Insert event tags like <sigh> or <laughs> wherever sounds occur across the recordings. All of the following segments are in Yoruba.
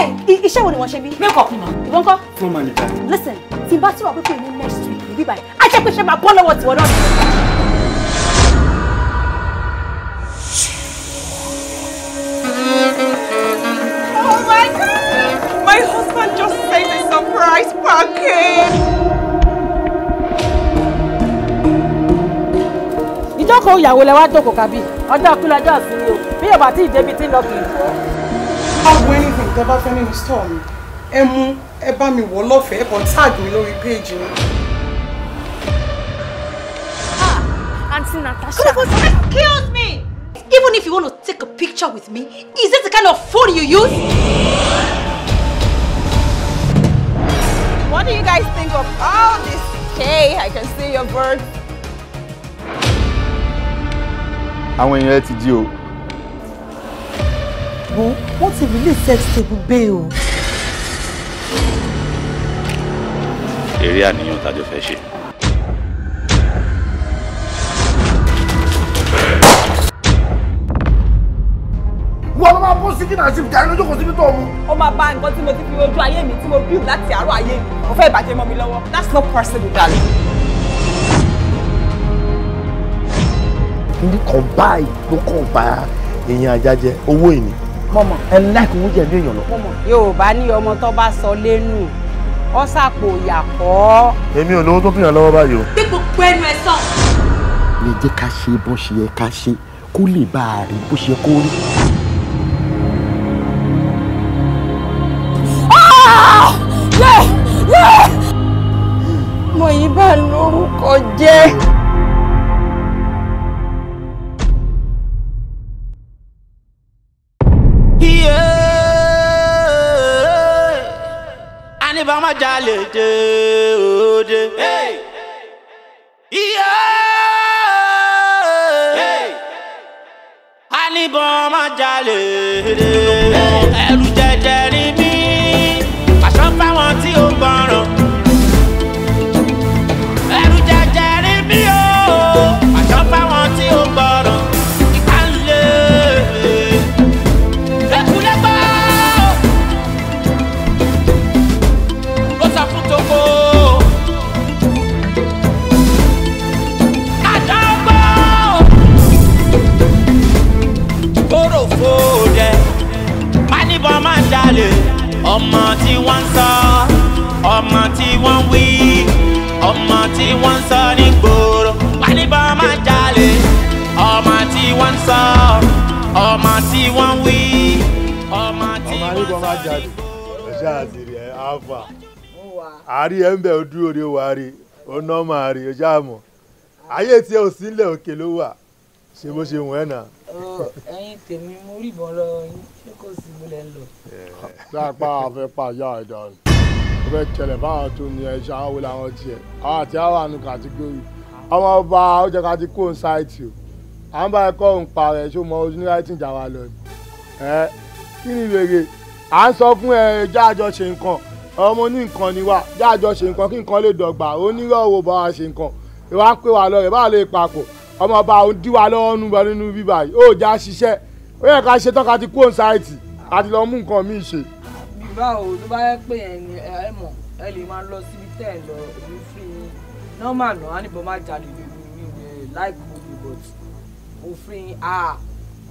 Hey, iṣẹ́ wo ni You want bí? Make up ni ma. Ìwọ́n kọ́. Fún ma nìkan. Listen, tí n bá tí wàá pé next week níbí báyìí, a jẹ́ pé ṣe máa bọ́ lọ́wọ́ tiwọn náà. Oh my God! My husband just sent a surprise package. Ìjókòó ìyàwó lẹ wá jókòó kábí, ọjọ́ kúlẹ̀ ọjọ́ ìsinmi o, bí yóò bá tí ì débi tí ń lọ gbogbo anything tẹ́ bá fẹ́ nínú store mi ẹ mú ẹ bá mi wọ̀ lọ́fẹ̀ẹ́ kan tag mi lórí page mi. Ah, Auntie Natasha. Excuse me! Even if you want to take a picture with me, is this the kind of phone you use? What do you guys think of all this? Hey, I can see your bird. Àwọn èèyàn ẹ ti jí o wo wọ́n ti release sex tape bẹ́ẹ̀ o. eré àníyàn tájọ fẹ́ ṣe. wọ́n ló máa bọ́ sí kíni àti ìdáná lójókòó síbi tó mu. ó máa bá nǹkan tí mo ti fi ojú ayé mi tí mo build láti àárọ̀ ayé mi mo fẹ́ ìbàjẹ́ mọ́ mi lọ́wọ́ that's not possible darling. kìnìkan báyìí ló kàn bá èèyàn àjájẹ owó ìní mọ̀mọ́ ẹ láìkú oúnjẹ bí èèyàn lọ. mọ̀mọ́ yorùbá ní ọmọ tó bá sọ lẹ́nu ọ sàpò ìyàpọ̀. èmi ò lówó tó fi hàn lọ́wọ́ báyìí o. bí gbogbo ẹnu ẹ sọ. lè jẹ́ ká ṣe bó ṣe yẹ ká ṣe kó lè bá a rí bó ṣe kó rí. Ah! mo yí bá lórúkọ jẹ́. Hey, dé òde. Iye Anibon máa jalè. ọmọ tí wọ́n ń sọ ọmọ tí wọ́n ń wí ọmọ tí wọ́n ń sọ ní gbòòrò wọ́n ní bá máa jalè ọmọ tí wọ́n ń sọ ọmọ tí wọ́n ń wí ọmọ tí wọ́n ń sọ ní gbòòrò. ọ̀sẹ̀ àdìrí ẹ̀ áfà àárí ẹ̀ ń bẹ̀ ojú òde wàá rí ó ná máa rí ọjà mọ̀ ayé tí ò sílẹ̀ òkè ló wà ṣe bó ṣe wọ̀n ẹ̀ náà. ẹ̀yin tèmi mo rí ìbọn lọ́wọ́ yín kóòsì mi lẹ́ ń lọ. lápá àfẹ́ pàjá ẹ̀dá rẹ̀ ó fẹ́ tẹ̀lẹ̀ fáwọn tó ní ẹ̀ṣẹ̀ àwọn wọlé àwọn tiẹ̀ àwọn àti àwọn àánú kàtígórì ọmọ ọba ó jẹ́ ká ti kó ń ṣáìtì o à ń bá ẹ̀kọ́ òun pa rẹ̀ ṣó mọ ojú ní ráìtì ìjà wa lọ ẹ kí ni wèrè à ń sọ fún ẹ jáàjọ ṣe nǹkan ọmọ ní nǹkan ni wà jáàjọ ṣe nǹkan kí nǹkan lè dọ̀gbà onírọ̀ wo bá wa ṣe nǹkan ìwà ń pè wá lọ rẹ̀ báà lè papọ̀ ọmọ ọba òun dí wa lọ́wọ́ nù bá nínú bíbá yìí ó já ṣiṣẹ́ ó yẹ ká ṣe tọ́ka ti kú on àti lọ mú nǹkan míì ṣe. báwo ló bá yẹ pé ẹ̀yin ẹ mọ̀ ẹ lè máa lọ síbi tẹ́ ẹ lọ èmi fi nọ́mà náà níbo má jalè lórí mi láìpẹ́ òbí but òfin a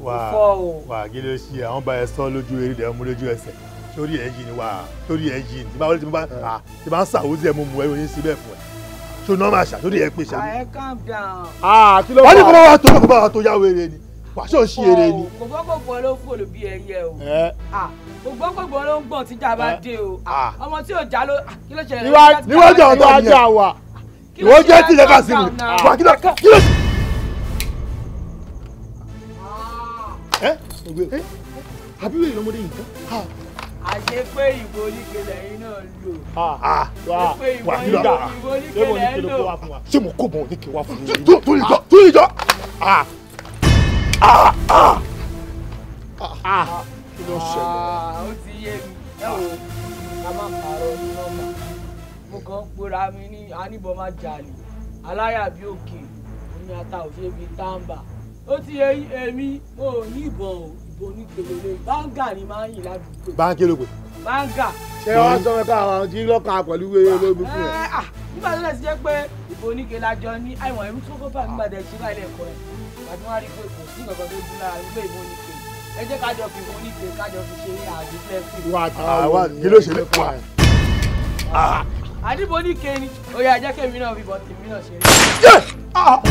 kò fọ́ o. wà á gé ló ṣe àwọn bá ẹ sọ lójú eré dẹ̀ mú lójú ẹsẹ̀ torí ẹ yìí ni wà á torí ẹ yìí ni báwo ló ti bá ti bá ń ṣàwùjọ ẹ mú mu ẹ oyin síbẹ̀ fún ẹ tó nọ́mà ṣà torí ẹ pèsè. àyẹ̀ká bíà. àà kí ló wà. wọ́n ní bá wa tó kó bá ni wàṣọ ṣí eré ni. kò gbọ́gbọ̀gbọ́ ló ń fò ló bí ẹyẹ o. kò gbọ́gbọ̀gbọ́ ló ń gbọ̀n tíjà bá dé o. ọmọ tí ò já ló kí ló ṣẹlẹ̀. níwájú àwọn tó ń ìwọ jẹ́ tí lẹ́ka sí mi kí ló kí ló. àbíwé ìrọmọdé yìí tán. àṣé pé ìbò oníkèlè yín náà lò. pé ìbò oníkèlè yín lò. ṣé mo kó bọ̀ oníkèlè wá fún mi. tó ìjọ tó ìjọ. Ah ah ah. Ah, kí ló ṣẹlẹ̀. ó ti yé mi ẹ wò ká má parọ́ ní nọ́mbà mo kàn ń pera mi ní aníbọn má jalè aláyà bí òkè ní ata òṣè bí tàǹbà ó ti yé èmi mo ò ní ìbọn o ìbọn ní tèlélé báńgà ni máa ń yìn ládùúgbò. báńkì ló pè. báńgà. ṣé wọ́n sọ fẹ́ ká àwọn jí lọ́kàn pẹ̀lú wéyé olómi fún ẹ. Eh, ah, nígbà tó lè ṣe pé ìbọn oníke lájọ ní àìmọ̀ ẹ̀rú tó kó fà nígbà tẹ̀ ṣe báyìí lẹ́kọ̀ọ́ ẹ̀ àti wọn á rí pé kò sí nǹkan tó dún lára ilé ìbò ní pé ẹ jẹ́ kájọ fi ìbò ní pé kájọ fi ṣe àdúgbò ẹ̀fìn. wà á ta ah, àwọn kí ló ṣe lépa ah. ẹ̀. àdìbò ní kéènì oyè àjẹ́ kèmí náà fi bọ̀ tèmi náà ṣe rí. Ah!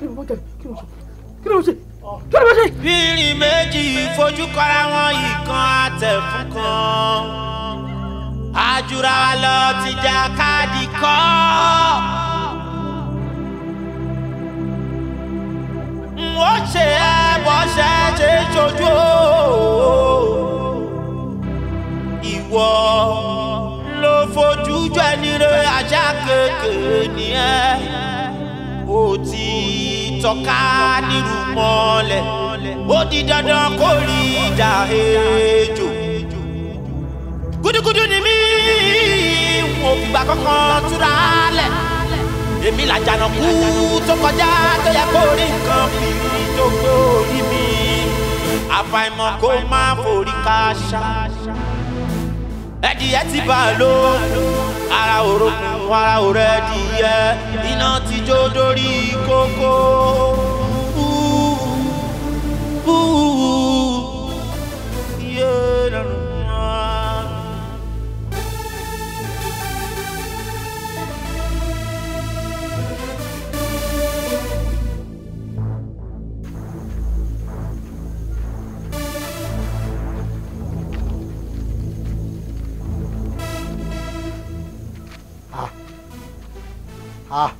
kí ló ń ṣe kí ló ń ṣe kí ló bá ṣe. bírin méjì fojú kọra wọn ìkan àtẹ̀fún kan àjùra wa lọ ti jà káàdì kọ́. ó ṣe é ṣe é ṣe é ṣojú ìwọ ló fojú jọ ẹni rẹ ajá kékeré ni ẹ ò tí tọ́ka mọ́lẹ̀ ó di dandan kó rí ìjà ejò. gúdúgúdú ni mí wọn ò fìgbà kankan túra lẹ̀ èmi làjànàkú tó kọjá tó yẹ kó rí nǹkan fi tó gbórí mi àfàìmọ̀ kó má forí káṣá ẹdìyẹ ti bá a lò ara òrokùn ara òrẹ́dìyẹ iná ti jó dórí kókó. Ah. Ah.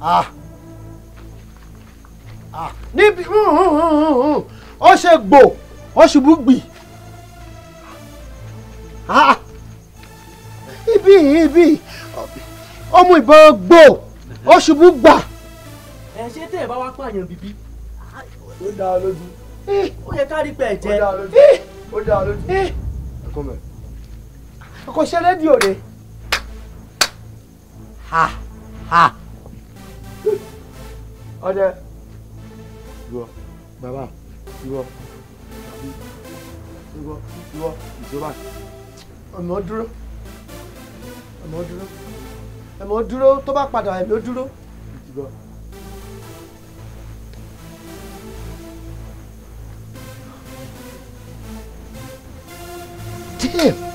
Ah. Ah. níbi ó ṣe gbò ó ṣubú gbì ah, ibi ibi ọmọ ìbọn gbò ó ṣubú gbà. ẹ ṣé tẹ́ ẹ bá wá pààyàn bíbí. ó dá a lójú. Eh. ó yẹ ká rí pé ẹ jẹ. ó dá a lójú. Eh. ó a lójú. Eh. ẹ kọ́ mẹ́. kò ṣe rédíò rẹ̀. ha ha ọdẹ ìwọ bàbá ìwọ ìwọ ìwọ ìjọba ọmọ dúró ọmọ dúró ọmọ dúró tó bá padà ẹ̀mí dúró ìjọba. Damn!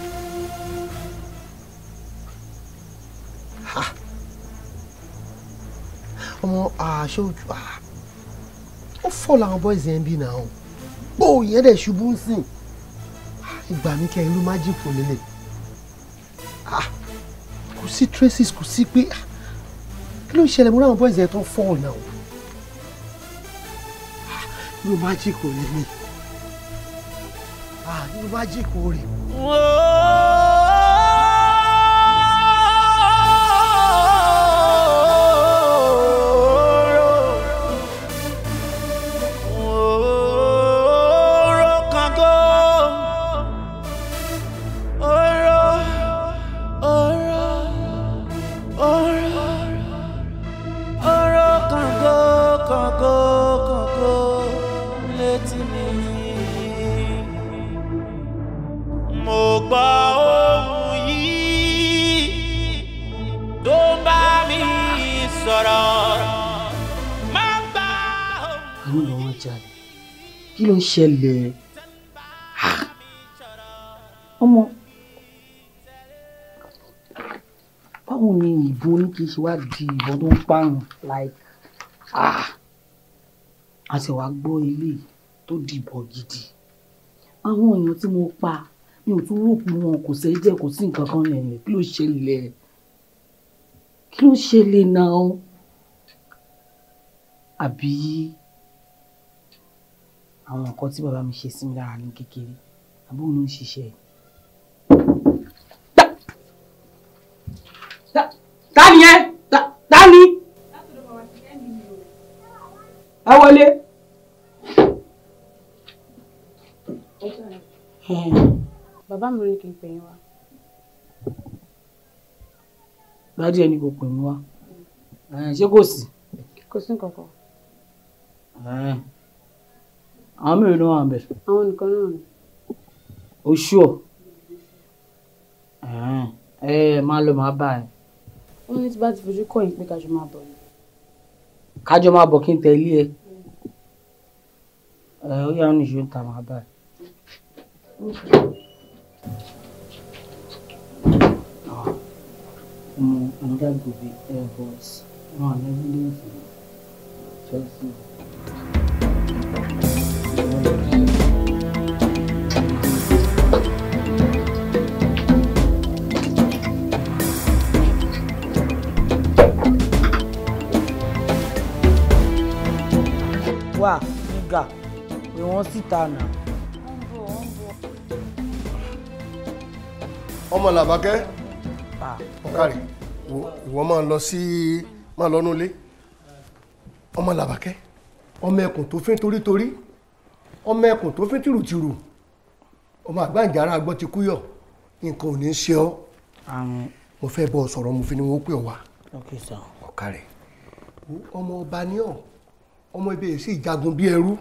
aṣọ òjò à ó fọ́ làwọn boys yẹn bí náà o gbó yẹn dẹ̀ ṣubú ń sìn ìgbà mi kẹ́ irú májìkù lélẹ̀ kò sí traces kò sí pé kí ló ń ṣẹlẹ̀ mo ráwọn boys yẹn tó fọ́ náà o irú májìkù lélẹ̀ irú májìkù rẹ̀. ṣẹlẹ̀ ọmọ báwo ni ìbọn oníkìí ṣe wá di ìbọn tó ń pààrùn like àṣẹwà gbọ́ ilé tó dìbọn gidi àwọn èèyàn tí mo pa mi ò tún rò pé wọn kò ṣe é jẹ kò sí nǹkan kan lẹ́yìn kí ló ṣẹlẹ̀ kí ló ṣẹlẹ̀ náà àbí àwọn nǹkan tí bàbá mi ṣe sí mi lára ní kékeré àbúrò ló ń ṣiṣẹ́ ẹ̀. ta ni ẹ ta ni. ẹ wọlé. bàbá mi ní kí n pè yín wá. dádì ẹni kò pè mí wá ṣé kò sí. kò sí nǹkan kan àwọn mẹ́rin ló wà ń bẹ̀. àwọn nìkan náà ni. o ṣùọ ẹ ẹ máa lọ máa bá ẹ. wọ́n ní tí bá ti fojú kọ́ yín pé kájọ máa bọ̀ ni. kájọ máa bọ̀ kí n tẹ̀lé ẹ. ẹ ó yà ń nìṣó ń ta máa bá ẹ. Um, another good air boss. No, I never leave you. Just you. wà nígà pé wọ́n sì ta nà. ọmọ làbákẹ́ ọ̀kàrẹ̀ ìwọ máa lọ sí máa lọ nulẹ̀ ọmọ làbákẹ́ ọmọ ẹkùn tó fín torítorí ọmọ ẹkùn tó fín tìrùtìrù ọmọ àgbàǹjára agbọ́n ti kúyọ̀ nǹkan ò ní ṣe ọ́ mo fẹ́ bọ́ sọ̀rọ̀ mo fi ni wọ́n pè ọ́ wá ọ̀kàrẹ̀ ọmọ ọba ní ọ̀ ọmọ ibẹ̀ sì jagun bí ẹrú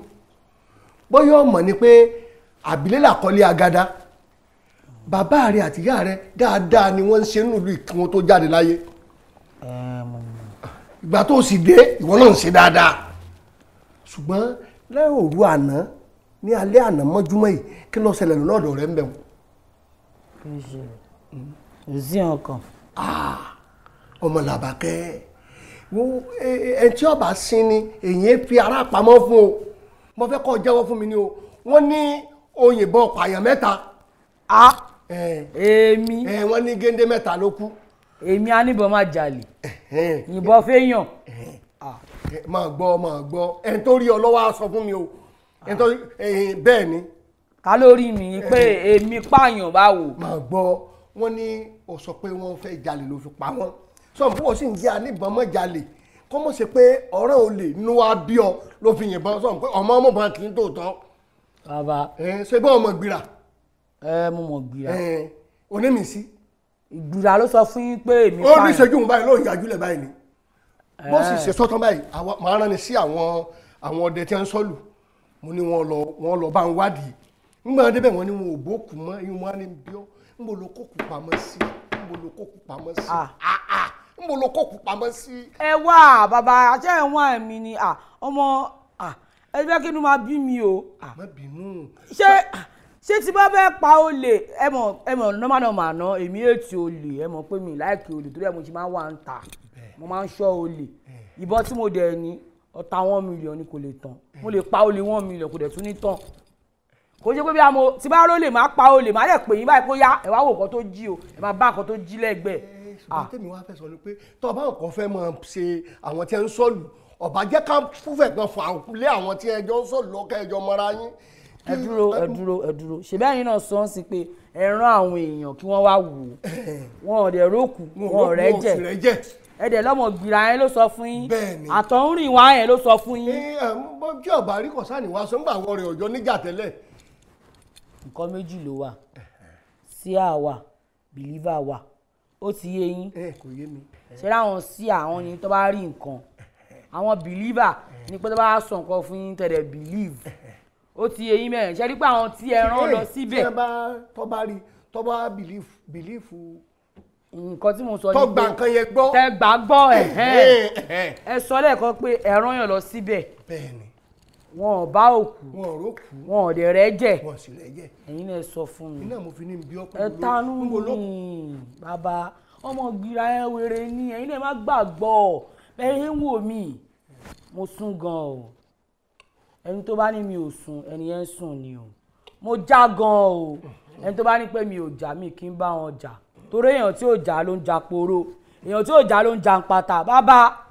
bóyá ọmọ ni pé àbílẹ̀ làkọ́lé agada bàbá rẹ àti ìyá rẹ dáadáa ni wọ́n ń ṣe nílùú ìkíwọn tó jáde láyé ìgbà tó sì dé ìwọ náà ń ṣe dáadáa ṣùgbọ́n lẹ́yìn òru àná ní alẹ́ àná mọ́júmọ́ yìí kí ló ṣẹlẹ̀ lọ́nà ọ̀dọ̀ rẹ ń bẹ̀ wọ́n. kò sí ọkàn. Ah, ọmọ làbàkẹ́. E, e, ẹ tí ọba sin ni èyí fi ara pamọ́ fún o mo fẹ́ kọ́ jẹ́wọ́ fún mi ni o wọ́n ní òyìnbọn pààyàn mẹ́ta. a èmi. wọ́n ní géńdé mẹ́ta ló kú. èmi aníbọn máa jalè yìnbọn fẹ́yàn. máa gbọ́ máa gbọ́ ẹni tó rí ọ lọ́wọ́ á sọ fún mi o ẹni tó bẹ́ẹ̀ ni. ká ló rí mi pé èmi pààyàn báwo. máa gbọ́ wọ́n ní o sọ pé wọ́n fẹ́ jalè ló fi pa wọ́n sọ̀npọ̀ sì ń jẹ́ alébọn mọ́jalè kó mọ̀ ṣe pé ọ̀ràn olè inú wa bí ọ ló fi yìnbọn sọ̀n pé ọmọ ọmọ bá kì í tòótọ́. bàbá ṣe bá ọmọ gbìrà. ẹ mo mọ̀ gbìrà. onímìsí. ìgbìrà ló sọ fún yín pé èmi pààyàn. ó ní ìṣẹ́jú mi báyìí ló ń yàjú lẹ̀ báyìí ni bó sì ṣe sọ́tán báyìí màá rán ni sí àwọn àwọn ọdẹ tí wọ́n ń sọ́lù mo ní wọ́n lọ wọ́n lọ bá ń wádìí ńgbà débẹ̀ wọ́n ní wọn ò bókù mọ́ ìwọ̀n á ní bíọ́ ńbọ̀ ló kókù pamọ́ sí ńbọ̀ ló kókù pamọ́ sí n mo lo kóòkù pamọ́ sí. ẹ wá bàbá àṣẹ ẹ̀wọ̀n ẹ̀mí ni ọmọ ẹ fẹ́ kí inú máa bí mi o. má bínú. ṣé ṣé tí bá fẹ́ pa olè ẹ mọ̀ ẹ mọ̀ nọ́mà nọ́mà ná èmi ètò olè ẹ mọ̀ pé mi láìkè olè torí ẹ mo ṣe máa ń wà ń ta mo máa ń ṣọ́ olè ìbọn tí mo dẹ̀ ní ọ̀tá wọn mílíọ̀n ni kò lè tán mo lè pa olè wọn mílíọ̀n kò dẹ̀ tún ní tán kò ṣe pé bí àmọ́ tí bá rólè máa pa olè máa dẹ̀ pè yín báyìí kó yá ẹ wá wò kó tó jí o ẹ máa bá kó tó jí lẹ́gbẹ̀ẹ́ ṣùgbọ́n ah. tèmi wá fẹ́ sọ ni pé tó ọba nǹkan fẹ́ máa ṣe àwọn tí ẹ ń sọ̀lù ọba jẹ́ ká fúfẹ̀ gan fún àkúlé àwọn tí ẹjọ́ ń sọ̀lù lọ́kẹ́ ẹjọ́ mọ́ra yín. ẹ dúró ẹ dúró ẹ dúró ṣèbí àyìn náà sọ ọ́n sí pé ẹ rán àwọn èèyàn kí wọ́n wá wò ó <laughs> wọn ò dẹ̀ rókù wọn ò rẹ́ jẹ̀ ẹ̀dẹ̀ lọ́mọ gbìrà yẹn ló sọ fún yín àtọ̀húnrìn wa yẹn ló sọ fún yín. kí ọba rí kọsáàní wa sọ ń wọrẹ ọjọ́ níjà tẹ́lẹ̀. nǹkan méjì ló wà síà wà bìlífà wà ó ti yé yín eh, ṣé láwọn sí àwọn ni tó bá rí nǹkan <laughs> àwọn bìlíbà ni pé tó bá sọ nǹkan fún yín tẹ̀lé bìlíìf <laughs> ó ti yé yín mẹ́rin ṣe rí pé àwọn tí ẹran eh, lọ síbẹ̀. tó bá rí tó bá bìlíìfù nǹkan tí mo sọ ni pé tọgbà nǹkan yẹn gbọ́ tẹgbà gbọ́ eh, ẹ sọ lẹ́ẹ̀kan pé ẹran yàn lọ síbẹ̀. bẹ́ẹ̀ni wọn ò bá òkú wọn ò rókú wọn ò dẹ̀ rẹ́jẹ̀ wọn ò sì rẹ́jẹ̀ ẹ̀yin náà sọ fún mi iná mo fi ní bí ọkùnrin ẹ tánú mi bàbá ọmọ gbìyà ẹ wèrè ni ẹ̀yin náà má gbàgbọ́ ẹ̀yin ń wò mí mo sùn gan o ẹni tó bá ní mi ò sùn ẹni yẹn ń sùn ni o mo já gan o ẹni tó bá ní pé mi ò jà mí kí n bá wọn jà torí èèyàn tí ò jà ló ń jà poro èèyàn tí ò jà ló ń jà ń pata bàbá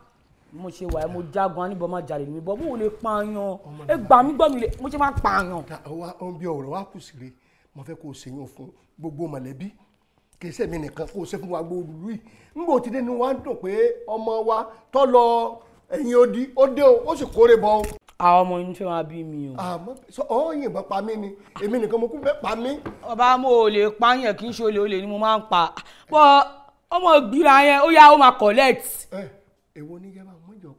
mo ṣe wà mo jágun aníbọn máa jalè ní ìbọn mo ò lè pààyàn ẹ gbà mí gbọ́ mi lè mo ṣe máa pààyàn. ó ń bí ọ̀rọ̀ wa kù sí re mo fẹ́ kó o ṣèyàn fún gbogbo mọ̀lẹ́bí kì í nìkan kó o ṣe fún wa gbogbo olú yìí nígbà tí dẹ́nu wa ń dùn pé ọmọ wa tọ́ lọ ẹ̀yìn odi ó dé o ó sì kórè bọ́ àwọn ọmọ inú fẹ́ máa bí mi o. ọ yìnbọn pa mí ni èmi nìkan mo kú fẹ́ pa mí. ọba mo ò lè pààyàn kì í ṣe olè olè ni mo máa ń pa ọmọ ìgbìlà yẹn ó yá ó máa collect. ẹ èwo ní yẹn bá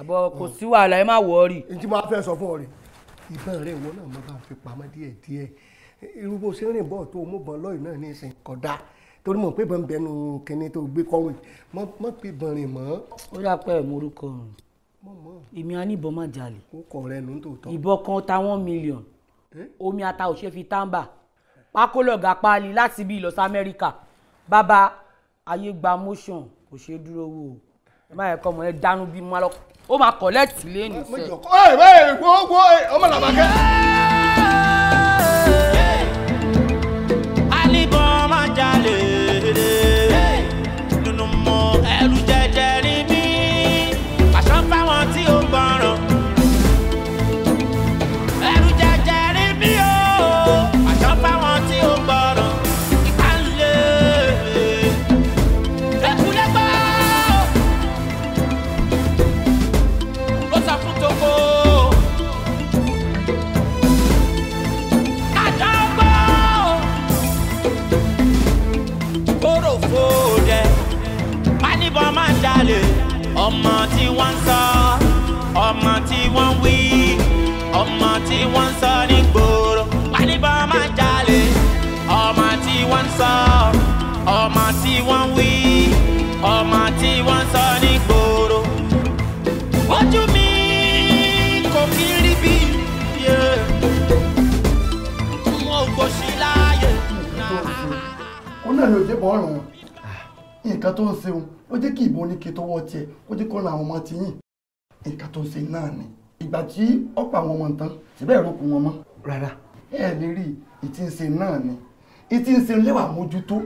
àbọ̀ kò sí wàhálà ẹ má wọ̀ọ́rì. n tí máa fẹ́ sọ fún ọ rè ìbọn rẹ ìwọ náà mo bá fi pamọ́ díẹ̀díẹ̀ irú bó ṣe rìn bọ̀ tó o mú bọ̀ lọ́ọ̀yì náà ní ìsìn kọ̀dá torí mọ̀ pé bọ̀n bẹnu kìnìún tó gbé kọ́wé mọ̀ pé bọ̀n rìn mọ́. ó yà pẹ́ ìmúrúkọ rùn èmi aníbọn má jalè ìbọn kan táwọn mílíọ̀n omi ata ò fi tàǹbà pákólọ̀gà páálí láti bí ìlọsí bàbá ayé motion kò ṣeé dúró wò ó ẹ má kọ́ ọmọ yẹn dánú bíi malọ ó máa kọ̀ lẹ́ẹ̀tì lẹ́yìn sẹ́ẹ̀. ọmọ làbàkẹ́. ọmọ tí wọ́n ń sọ ọmọ tí wọ́n ń wí ọmọ tí wọ́n ń sọ ní gbòòrò pálíbà máa jalè ọmọ tí wọ́n ń sọ ọmọ tí wọ́n ń wí ọmọ tí wọ́n ń sọ ní gbòòrò. ojú mi kò kí rí bí yé wọn ò gbòsí láàyè. ó náà ló dé bọ́ nǹkan tó ń ṣeun ó jẹ́ kí ìbò oníke tó wọ́ tiẹ̀ ó jẹ́ kó la àwọn ọmọ ti yìn nǹkan tó ń ṣe náà ni ìgbà tí ọ̀pọ̀ àwọn ọmọ nǹkan síbẹ̀ ìrókù wọn mọ́ rárá ẹ lè rí ìtí ń ṣe náà ni ìtí ń ṣe lẹ́wà mójútó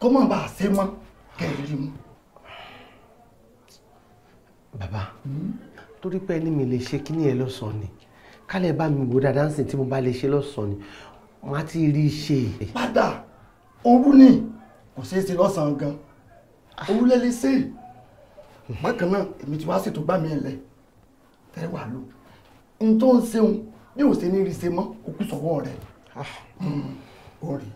kó má bàa ṣe mọ́ kẹrìí mu. bàbá hmm? torí pé ẹni mi lè ṣe kíní ẹ lọ́sàn-án ni kálẹ̀ bá mi wò dáadáa ń tí mo bá lè ṣe lọ́sàn-án ni wọ́n á ti rí i ṣe. padà orú ni kò ṣeé ṣe lọ́sàn-án gan-an owúlẹ́lẹ́ sí i bákan náà èmi ti wá ṣètò gbà mí ẹ̀lẹ́ fẹ́ wà lò n tó ń ṣeun bí ò ṣe ní rí ṣe mọ́ òkú sọ̀wọ́ rẹ̀ ah. hmm, ó rí.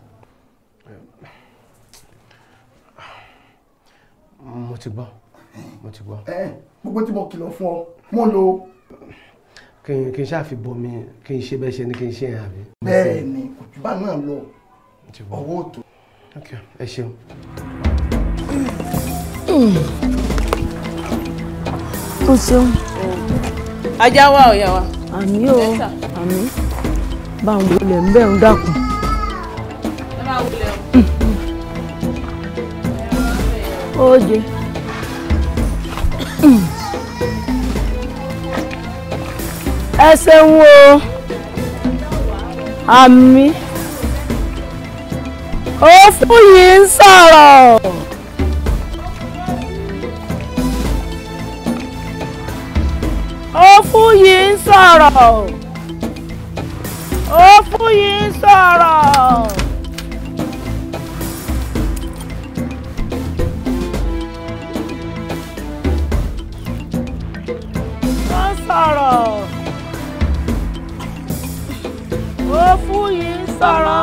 mo ti gbọ́ mo ti gbọ́. ẹ gbogbo tí mo kìlọ̀ fún ọ mo lo. kí n kí n ṣáà fi bọ mi kí n ṣe bẹ́ẹ̀ ṣe ni kí n ṣe yẹn àbí. bẹ́ẹ̀ kò jù bá náà lọ ọwọ́ òtò. ẹ ṣeun o ṣeun. ajá wa ọ̀yà wa. àmì o àmì báwọn olè ń bẹ̀ ń dàkún. oje. ẹ ṣeun o àmì ó fún yìí ń sọ̀rọ̀. Fúyì ń sọ̀rọ̀ ó Fúyì ń sọ̀rọ̀. wọ́n sọ̀rọ̀ ó ń sọ̀rọ̀.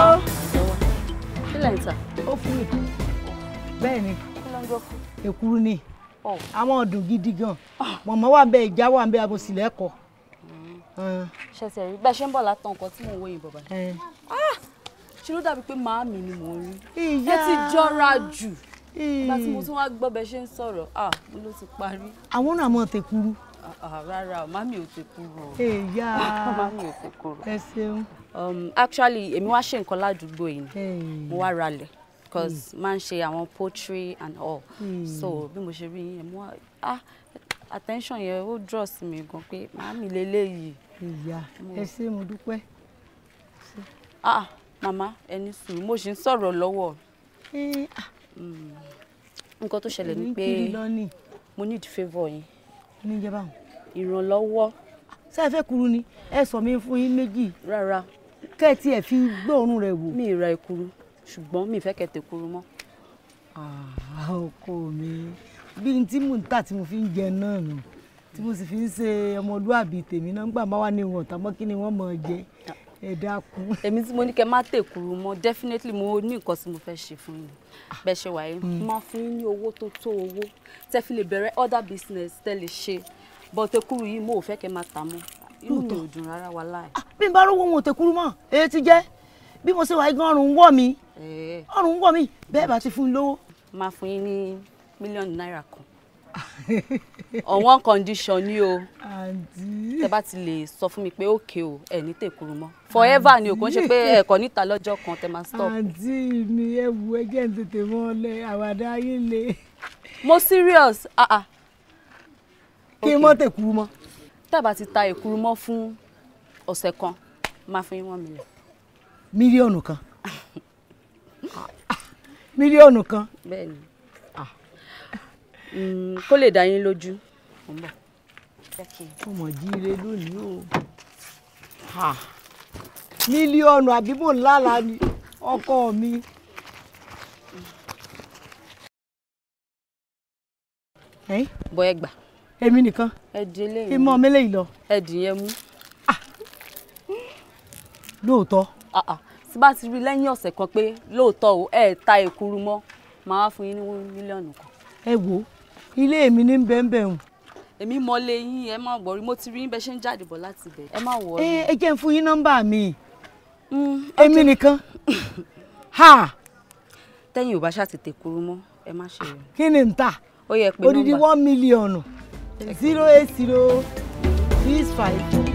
bẹ́ẹ̀ ni èkúrú ni àwọn ọdún gidi gan mọ̀mọ́ wà bẹ́ẹ̀ ìjà wà bẹ́ẹ̀ abòsílẹ̀ kọ. Hmm. ṣẹ̀ṣẹ̀ rí bẹ́ẹ̀ ṣe ń bọ̀ látàn nǹkan tí mò ń wéyìn bàbá yìí ah! ṣe ló dàbí pé màámi ni mò ń rí ẹ ti jọra jù nígbà tí mo tún wá gbọ́ bẹ́ẹ̀ ṣe ń sọ̀rọ̀ ah mo ló ti parí. àwọn náà mọ̀ tẹ̀kuru ah, ah, rárá o mami ò ti kúrò. èyá <laughs> mami ò ti kúrò. ẹ ṣeun. Um, actually èmi wá ṣe nǹkan ládùúgbò yìí ni mo wá ralẹ̀ because mm. máa ń ṣe àwọn poetry and all mm. so bí mo ṣe rí yẹn mo ah attention yẹn ó draw sí mi gan pé màámi lélẹ́yìí. ìyá ẹ ṣé mo dúpẹ́. ah màmá ẹni sùn mo ṣì ń sọ̀rọ̀ lọ́wọ́ ah. mm. nǹkan tó ṣẹlẹ̀ ni pé mo need favour yín. ní ìjẹba àwọn. ìrànlọ́wọ́. ṣé ẹ fẹ́ kuru ni ẹ sọ mi fún yín méjì. rárá. kẹ́ ẹ tiẹ̀ fi gbóòórùn rẹ̀ wò. mi ì ra ìkuru ṣùgbọ́n mi fẹ́ kẹ̀tẹ̀ kúrú mọ́. ọkọ mi bí n tí mò ń tà tí mo fi ń jẹ náà nù tí mo sì fi ń ṣe ọmọlúàbí tèmi náà gbà má wà ní ìwọ̀n tàmọ́ kí ni wọ́n mọ̀ ọ́ jẹ ẹ dákun. èmi tí mo ní kẹ má tèkúrú mọ́ definitely mo ní nǹkan tí mo fẹ́ ṣe fún yín bẹ́ẹ̀ ṣe wáyé mm. máa fún yín ní owó tó tó owó tẹ́ fi lè bẹ̀rẹ̀ other business tẹ́ lè ṣe bọ́ tèkúrú yìí mo ò fẹ́ kẹ́ máa tà mọ́ inú mi ò dùn rárá wàláhì. Ah, bí n bá rówó wọn ò tèkúrú mọ́ èyí ti jẹ́ bí mo ṣe wà igan ọrùn ń wọ̀ mí Eh. ọrùn ń wọ̀ mí bá ti fún lówó. máa fún yín ní mílíọ̀nù náírà kan <laughs> on one condition ni o tẹ bá ti lè sọ fún mi pé òkè o ẹ ní tèkúrú mọ́ forever ni o kò ń ṣe pé ẹkọ níta lọ́jọ́ kan tẹ máa stop. àǹtí mi ẹ wù ẹ ń tètè mọ́ lẹ àwàdà ayé le. mo serious ah ah. kí n mọ́ tèkúrú mọ́. tábà ti ta èkúrú mọ́ fún ọ̀sẹ̀ kan máa fi wọ́n mi mílíọ̀nù kan. <laughs> mílíọ̀nù kan. bẹ́ẹ̀ni ah. mm, kó lè dá yín lójú. ọmọ jíire lónìí o ah. mílíọ̀nù àbíbò ńláńlá ni ọkọ mi. bọ ẹ gbà. èmi nìkan kí mọ mi léyìí lọ. ẹ dìyẹn mú. Ah. lóòótọ́ tí bá ti rí lẹ́yìn ọ̀sẹ̀ kan pé lóòótọ́ o ẹ̀ ta èkuru mọ́ màá wá fún yín ní mílíọ̀nù kan. ẹ wo ilé mi ní bẹ́ẹ̀nbẹ́ẹ̀ hùn. èmi mọ lé yín ẹ má wọrí mo ti rí bẹ ṣe ń jáde bọ̀ láti bẹ̀ ẹ má wọrí. ẹ ẹ jẹ́ ń fún yín nọ́mbà mi mm, èmi nìkan <laughs> ha. tẹ́yìn ò bá ṣáà tètè kuru mọ́ ẹ má ṣe. kí ni n ta odidi one million zero eight zero six five.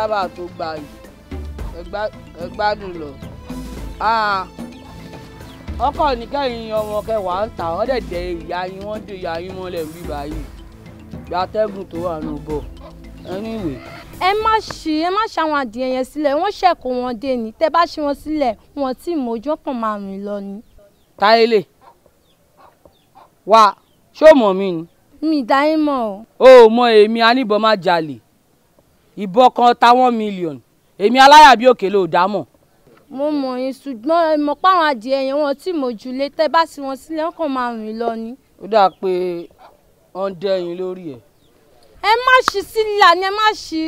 tábà tó gbayì ẹ gbádùn lọ. ọkọ ní kẹ́yìn ọmọ kẹwàá ń ta ọ́ ìyá yín wọ́n dé ìyá yín mọ́lẹ̀ ń bíbá yìí gbàtẹ́gùn tó wà nù bọ̀ ẹni ìwé. ẹ má ṣe ẹ má ṣàwọn adìẹ yẹn sílẹ̀ wọ́n ṣẹkọ wọn dé ni tẹ́ bá ṣe wọn sílẹ̀ wọn tí ìmọ̀jú ọkàn máa rìn lọ ni. táyélé wá ṣó mọ̀ mí ni. mi ìdáyé mọ̀ o. o mọ èmi aníbọn má jalè ìbọn kan ta one million èmi aláyà bí òkè ló dá mọ̀. mo mọ̀ yín ṣùgbọ́n ẹ mọ̀ páwọn adìẹ yẹn wọn tí mo jù lé tẹ́ bá sí wọn sílẹ̀ wọn kàn máa rìn lọ ni. ó dà pé wọ́n ń dẹ́yìn lórí ẹ̀. ẹ má ṣí sílà ni ẹ má ṣí.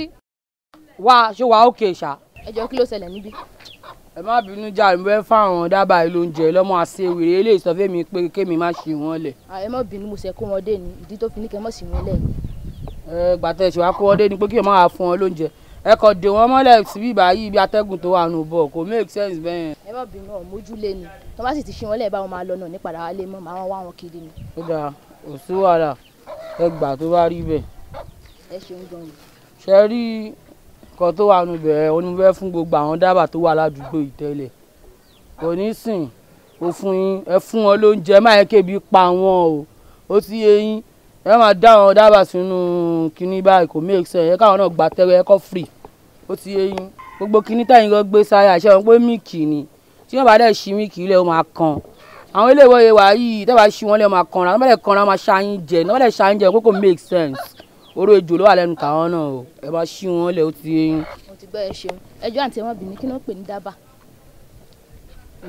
wá ṣé wàá òkè ṣá. ẹ jọ kí ló ṣẹlẹ̀ níbí. ẹ má bínú jàre mo fẹ́ fáwọn dábàá ilé oúnjẹ lọ́mọ àṣewèrè eléyìí sọ fẹ́mi pé kémi má ṣì wọ́n lẹ̀. ẹ má bínú mo ṣe kó wọn dé ni ìdí tó fi ní kẹ́ mọ̀ sí gbàtẹ́ ìṣòwò akówọ́dé ni pé kí o máa fún ọ lóúnjẹ ẹ kò dè wọ́n mọ́lẹ̀ síbí báyìí ibi atẹ́gùn tó wà nù kò make sense bẹ́ẹ̀. ẹ má bínú ọ mójúlé ni tó bá sì ti ṣe wọn lẹ́ẹ̀ bá wọn máa lọ náà nípadà wá lé mọ́ màá wọn wá wọn kiri ni. ó dáa kò sí wàhálà ẹ gbà tó bá rí bẹ́ẹ̀. ẹ ṣeun gan o. ṣe rí nǹkan tó wà nù bẹ̀rẹ̀ ó ní fún gbogbo àwọn dábàá tó wà ládùúgbò ìtẹ́lẹ̀ kò ní sìn òfin ẹ fún wọn lóúnjẹ má yẹ kébi pa wọn o ó ti yẹ yín ẹ máa dá àwọn dábàá sínú kinní báyìí kò make sense ẹ káwọn náà gba tẹ́rẹ ẹ free ó ti yé yín gbogbo kinní táyìn kan gbé sáyé àṣẹ wọn pé míìkì ni tí wọn bá dẹ̀ ṣí míìkì ilẹ̀ ó máa kan àwọn iléèwé yẹn wà yìí tẹ́wàá ṣí wọn lẹ́ máa kanra wọ́n bẹ̀rẹ̀ kanra máa ṣáyín jẹ wọ́n bẹ̀rẹ̀ ṣáyín jẹ kókò make sense oró ejò ló wà lẹ́nu tàwọn náà o ẹ bá ṣí wọn lẹ́ ó ti yé yín. mo ti gbọ́ ẹ ṣeun ẹjọ́ àǹtí wọn bì ní kí ló ń pè ní dábàá.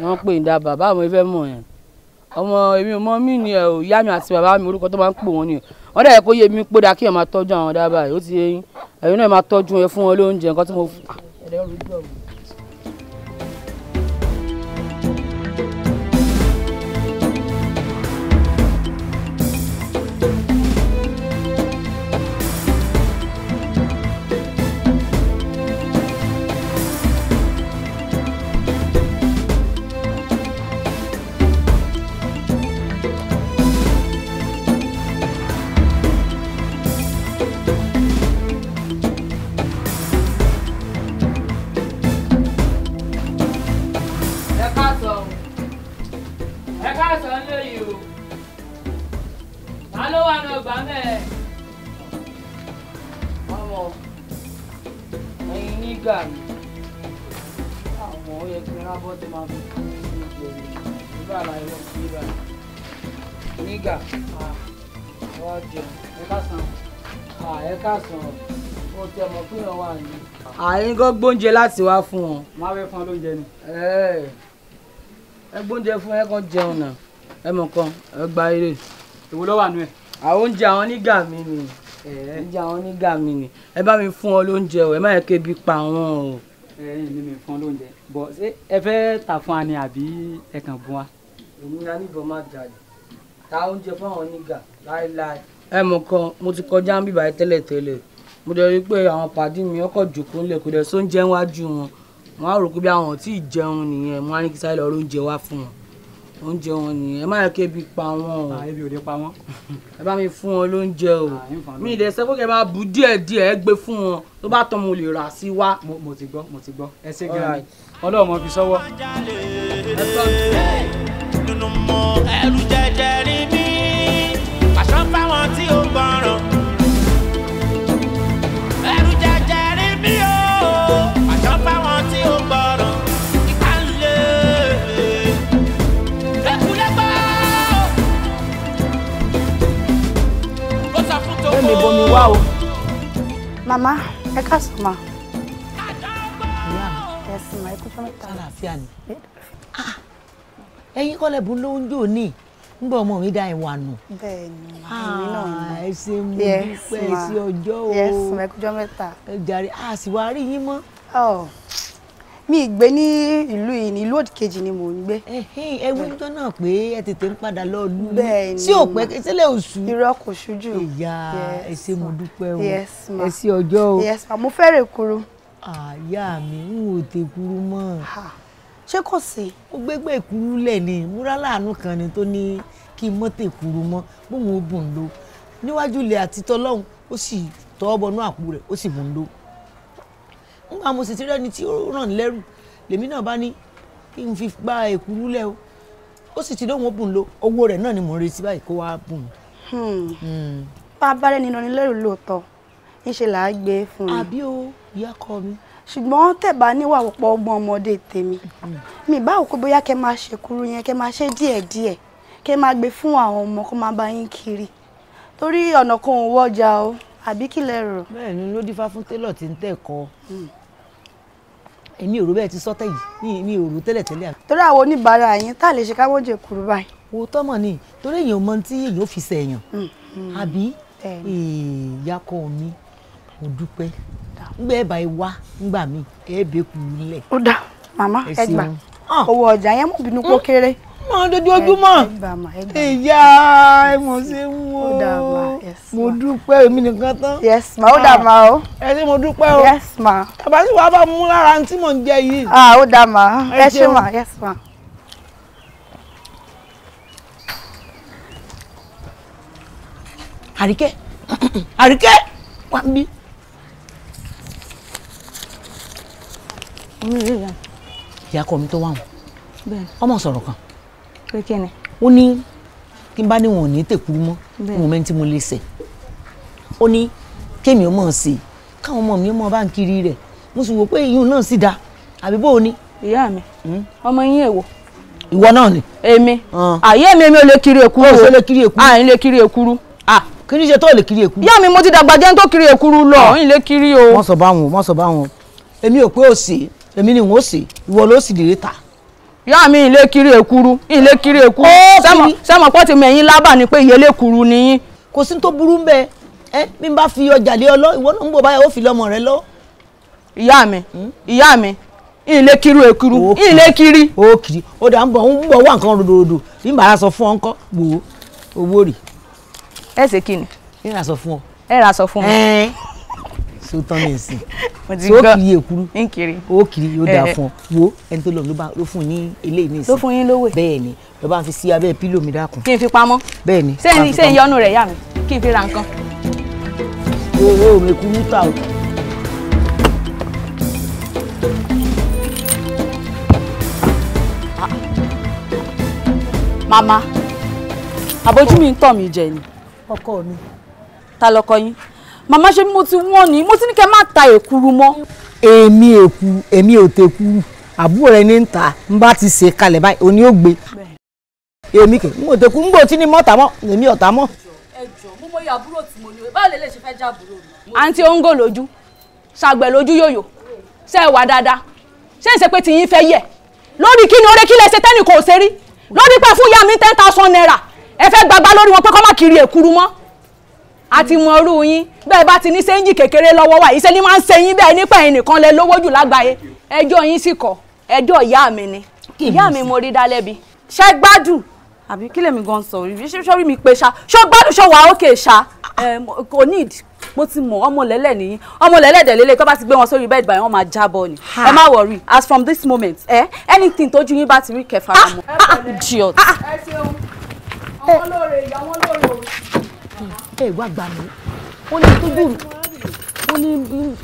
wọ́n pè ní dábàá báwo ni ẹ fẹ́ mọ̀ yẹn ọmọ èmi ò mọ mí ni ẹ ò yá mi àti bàbá mi orúkọ tó máa ń pò wọn ni wọn dẹ̀ kó yé mi pé dákì ẹ̀ máa tọ́jú àwọn dábàá yìí ó ti yé ẹ̀yin náà máa tọ́jú ẹ fún wọn lóúnjẹ nǹkan tí mo. Ah, ẹ̀rẹ́ rúdú àyìn gan gbóúnjẹ láti wá fún wọn. wọn á fẹ́ fún ọ lóúnjẹ ni. ẹ gbóúnjẹ fún ẹ kàn jẹun náà ẹ mọ̀ kan ẹ gba eré. èwo ló wà nù ẹ. àwọn oúnjẹ àwọn nígà mi ni oúnjẹ àwọn nígà mi ni ẹ bá mi fún ọ lóúnjẹ o ẹ má yẹ kébi pa wọn o. ẹyìn mi mi fún lóúnjẹ bọ ṣé ẹ fẹ́ tà fún wa ni àbí ẹ kàn bún wa. èmi ra níbọn má jalè ta oúnjẹ fún àwọn nígà láéláé. ẹ mọ̀ kan mo ti kọjá ń bíbáyé tẹ́lẹ̀tẹ́lẹ̀ mo dẹ̀ rí i pé àwọn pàdé mi ọkọ̀ jòkó ńlẹ̀ kò dẹ̀ sóúnjẹ wájú wọn wọn á rò pé àwọn tí ì jẹun nìyẹn wọn á ní kí sáré lọ oúnjẹ wá fún wọn oúnjẹ wọn nìyẹn ẹ má yẹ kébi pa wọn o ebi ò lè pa wọn ẹ bá mi fún wọn lóúnjẹ o mi ì dẹ̀ sẹ́ pé kẹ́ bu díẹ̀ díẹ̀ ẹ gbé fún wọn tó bá tán mo lè rà sí wa. mo ti gbọ́ mo ti gbọ́ ẹ ṣe gan-an mo fi sọ́wọ́. ẹ mọ ẹrù jẹjẹrẹ mi àṣọ fáwọn tí ó gbọràn. mi bomi wá o. màmá ẹ káàsán ma. ìyá mi ẹ sì máa ikú fún mẹ́ta. sálàáfíà ni ah, ẹ̀yin kọ́lẹ̀ bú ló ń jò ní ngbọ ọmọ mi dá ìwà nù. bẹ́ẹ̀ni ah, èmi náà mọ ẹ mú dúpẹ́ sí ọjọ́ o ẹ jàre a sì wá rí yín mọ́. Oh mi ìgbé ní ìlú yìí ní ìlú òdìkejì ni mò ń gbé. ẹ wo níjọ́ náà pé ẹ tètè ń padà lọ lú sí òpẹ sílẹ̀ oṣù. irọ́ kò ṣojú. ìyá ẹ mo dúpẹ́ o ẹ ọjọ́ o. yes ma mo fẹ́rẹ̀ kúrú. àyà mi n ò tè kúrú mọ́. ṣé kò sí. ó gbégbé ìkúrú lẹ̀ ni múra láàánú kan ni tó ní kí n mọ́tè kúrú mọ́ bóun ó bùn lo níwájú ilẹ̀ àtitọ́ lọ́hùn ó sì tọ́ bọnú àpò rẹ̀ ó sì bùn lo ńgbà mo sì ti rẹ́ni tí ó ràn lẹ́rù lèmi náà bá ní kí n fi gba èkúrú lẹ́ o ó sì ti lóun ó bùn lo owó rẹ̀ náà ni mò ń retí báyìí kó wá bùn. Hmm. Hmm. bá a bá rẹ́ni lọ ní lẹ́rù lóòótọ́ ńṣe là á gbé fún mi. àbí o ìyá kọ mi. ṣùgbọ́n tẹ̀bá níwà pọ̀ ọgbọ́n ọmọdé tèmi hmm. mi báwo kó bóyá kẹ́ máa ṣe kúrú yẹn kẹ́ máa ṣe díẹ̀díẹ̀ kẹ́ máa gbé fún àwọn ọmọ kó máa bá yín kiri torí ọ̀nà kan ò wọ́jà o àbí kí lẹ rò. bẹ́ẹ̀ ló dífá fún télọ̀ tí ń tẹ̀ èmi ò rò bẹ́ẹ̀ ti sọ́tẹ̀ yìí mi ò rò tẹ́lẹ̀ tẹ́lẹ̀. torí àwọn oníbàárà yẹn tá a lè ṣe káwọ́ jẹ kúrú báyìí. òótọ́ mọ̀ ni torí èèyàn mọ tí èèyàn fi sẹ̀yàn mm, mm. àbí ìyàkọ mi mo dúpẹ́ ngbẹ́ ẹ̀ báyìí wá ngbà mi ẹ̀ bẹ́ẹ̀ kú lẹ̀. ó dà màmá ẹ gbà ah. owó ọjà yẹn mú bínú kó hmm? kéré mọ dojoojúmọ́ ìyá mo ṣe ń wo mo dúpẹ́ èmi nìkan tán yes ma ó dà ah, ma o ẹ ṣé mo dúpẹ́ o yes ma bàbá sì wàá bá mú lára tí mò ń jẹ yìí ah ó dà ma ẹ ṣé ma yes ma. àríkẹ́ <coughs> àríkẹ́ wà ń bí. ìyá kọ́ mi tó wà wọ́n ọmọ sọ̀rọ̀ kan pé kí ni. ó ní kí n bá ní wọn ò ní tèkúrú mọ́ mo mẹ́ni tí mo lè sẹ̀ ó ní kémi ó mọ̀ sí i káwọn ọmọ mi ó mọ̀ bá ń kiri rẹ̀ mo sì wò pé iyún náà sì dáa àbí bó o ní. ìyá mi hmm? ọmọ yín èwo. ìwọ náà ni. èmi àyè mi èmi ò lè kiri èkúrú o lè kiri èkúrú à ń lè kiri èkúrú. à kí ni ṣe tó lè kiri èkúrú. ìyá mi mo ti dàgbà jẹun tó kiri èkúrú lọ ń lè kiri o. wọ́n sọ báwọn wọ́n sọ báwọn èmi ò pé òsè èmi ni n ó sè ìwọ ló sì dìrè ta. yá mi kiri èkuru ìlékiri èkuru sẹ́mọ̀ pọ́ ti mẹ̀yìn lábà ni pé ìyẹlé kuru ni yín. kò sí tó burú bẹ́ẹ̀ ẹ bá fi ọjà lé ọ lọ ìwọ náà ń báyà ó fi lọmọ rẹ lọ. ìyá mi hmm? ìyá mi ìlékiri èkuru kiri o kiri ó dà ń bọ̀ ń bọ̀ bí n bá sọ fún ọ gbòó owó rì. ẹ ṣe ọ. so tán ní ìsìn so <laughs> ó kiri èkuru ó kiri yóò dáa eh. fún ọ wo ẹni tó lọ ló fún yín eléyìí ní ìsìn ló fún yín lówè bẹ́ẹ̀ ni ló bá fi sí abẹ́ pílò mi dákun. kí n fi pamọ́ bẹ́ẹ̀ ni sẹ́yìn sẹ́yìn yọnu rẹ̀ yà mí kí n fi ra nǹkan. owó mi kú múta o. Ah. màmá àbójú mi ń tọ̀ mí jẹ ni. ọkọ mi. ta lọkọ yín màmá ṣe mo ti wọ́n ni mo ti ní kẹ́ má ta èkuru mọ́. èmi èkú èmi ò tẹkuru àbúrò rẹ ní ń ta ń bá ti ṣe kalẹ̀ báyìí òní ò gbé èmi kẹ n ò tẹkuru ń gbò tí ni mọ́ta mọ́ èmi ọ̀tá mọ́. ẹ o báwo lè àǹtí ongo lójú ṣàgbẹ̀ lójú yòyò ṣe é wà dáadáa ṣé ń ṣe pé tìyín fẹ́ yẹ lórí kí ni oore kí lè ṣe tẹ́nì kò ṣe rí lórí pé fún ya mi ten thousand naira ẹ fẹ́ gbàgbá lórí wọn pé kọ́ má kiri èkuru mọ́ àti mọ irú yín bẹ́ẹ̀ bá ti ní séńjì kékeré lọ́wọ́ wa iṣẹ́ ni máa ń ṣe yín bẹ́ẹ̀ nípa ẹ̀yìn nìkan lẹ lówó jù lágbàáyé ẹjọ́ yín sì kọ̀ ẹjọ́ ìyá mi ni ìyá mi mo rí dálẹ́bi ṣe gbádùn àbí kí lèmi gan sọ rí ṣé ṣọ́ rí mi pé ṣá ṣọ́ gbádùn ṣọ́ wà ókè ṣá kò need mo ti mọ ọmọ lẹ́lẹ̀ nìyí ọmọ lẹ́lẹ̀ dẹ̀lélẹ̀ tó bá ti gbé wọn sórí bẹ́ẹ̀dì báyìí wọ́n máa jábọ̀ ni ẹ má worry as from this moment eh, anything tójú yín bá ti rí kẹfà mọ́. Ah! Ah! idiot. Ah! ẹ ṣeun àwọn olóore ìyá wọn lóore ẹ wá gbà mí wọ́n ní tójú wọ́n ní.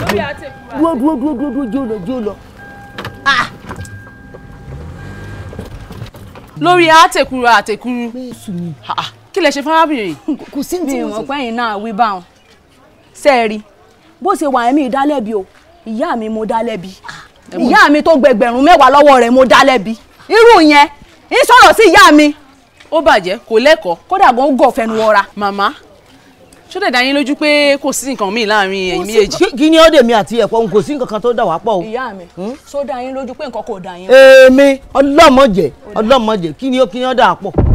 lórí àti ìfura. dúró dúró dúró dúró dúró jó lọ jó lọ. Ah! lórí àtẹkùrú àtẹkùrú kí lẹ ṣe fárábìnrin. kò sí ní tí mo náà wí báwọn. sẹ́ẹ̀rì bó ṣe wà ẹ̀mí ìdálẹ́bi o ìyá mi mo dá lẹ́bi ah, ìyá mi tó gbẹgbẹ̀rún mẹ́wàá lọ́wọ́ rẹ̀ mo dá irú yẹn ń sọ̀rọ̀ sí ìyá mi ó bàjẹ́ kò lẹ́kọ̀ọ́ kódà gan ó gọ̀ fẹnu wọra. màmá ṣó lè dá yín lójú pé kò sí nǹkan míì láàrin ẹ̀yin méjèèjì. kí ni ọ̀dẹ̀ mi àti ẹ̀kọ́ n kò sí nǹkan kan tó dà wá pọ̀ o. ìyá mi hmm? ṣó dá yín lójú pé nǹkan kò dà yín. èmi ọlọ́mọjẹ ọlọ́mọjẹ kí ni ó kí ni ó dà pọ̀.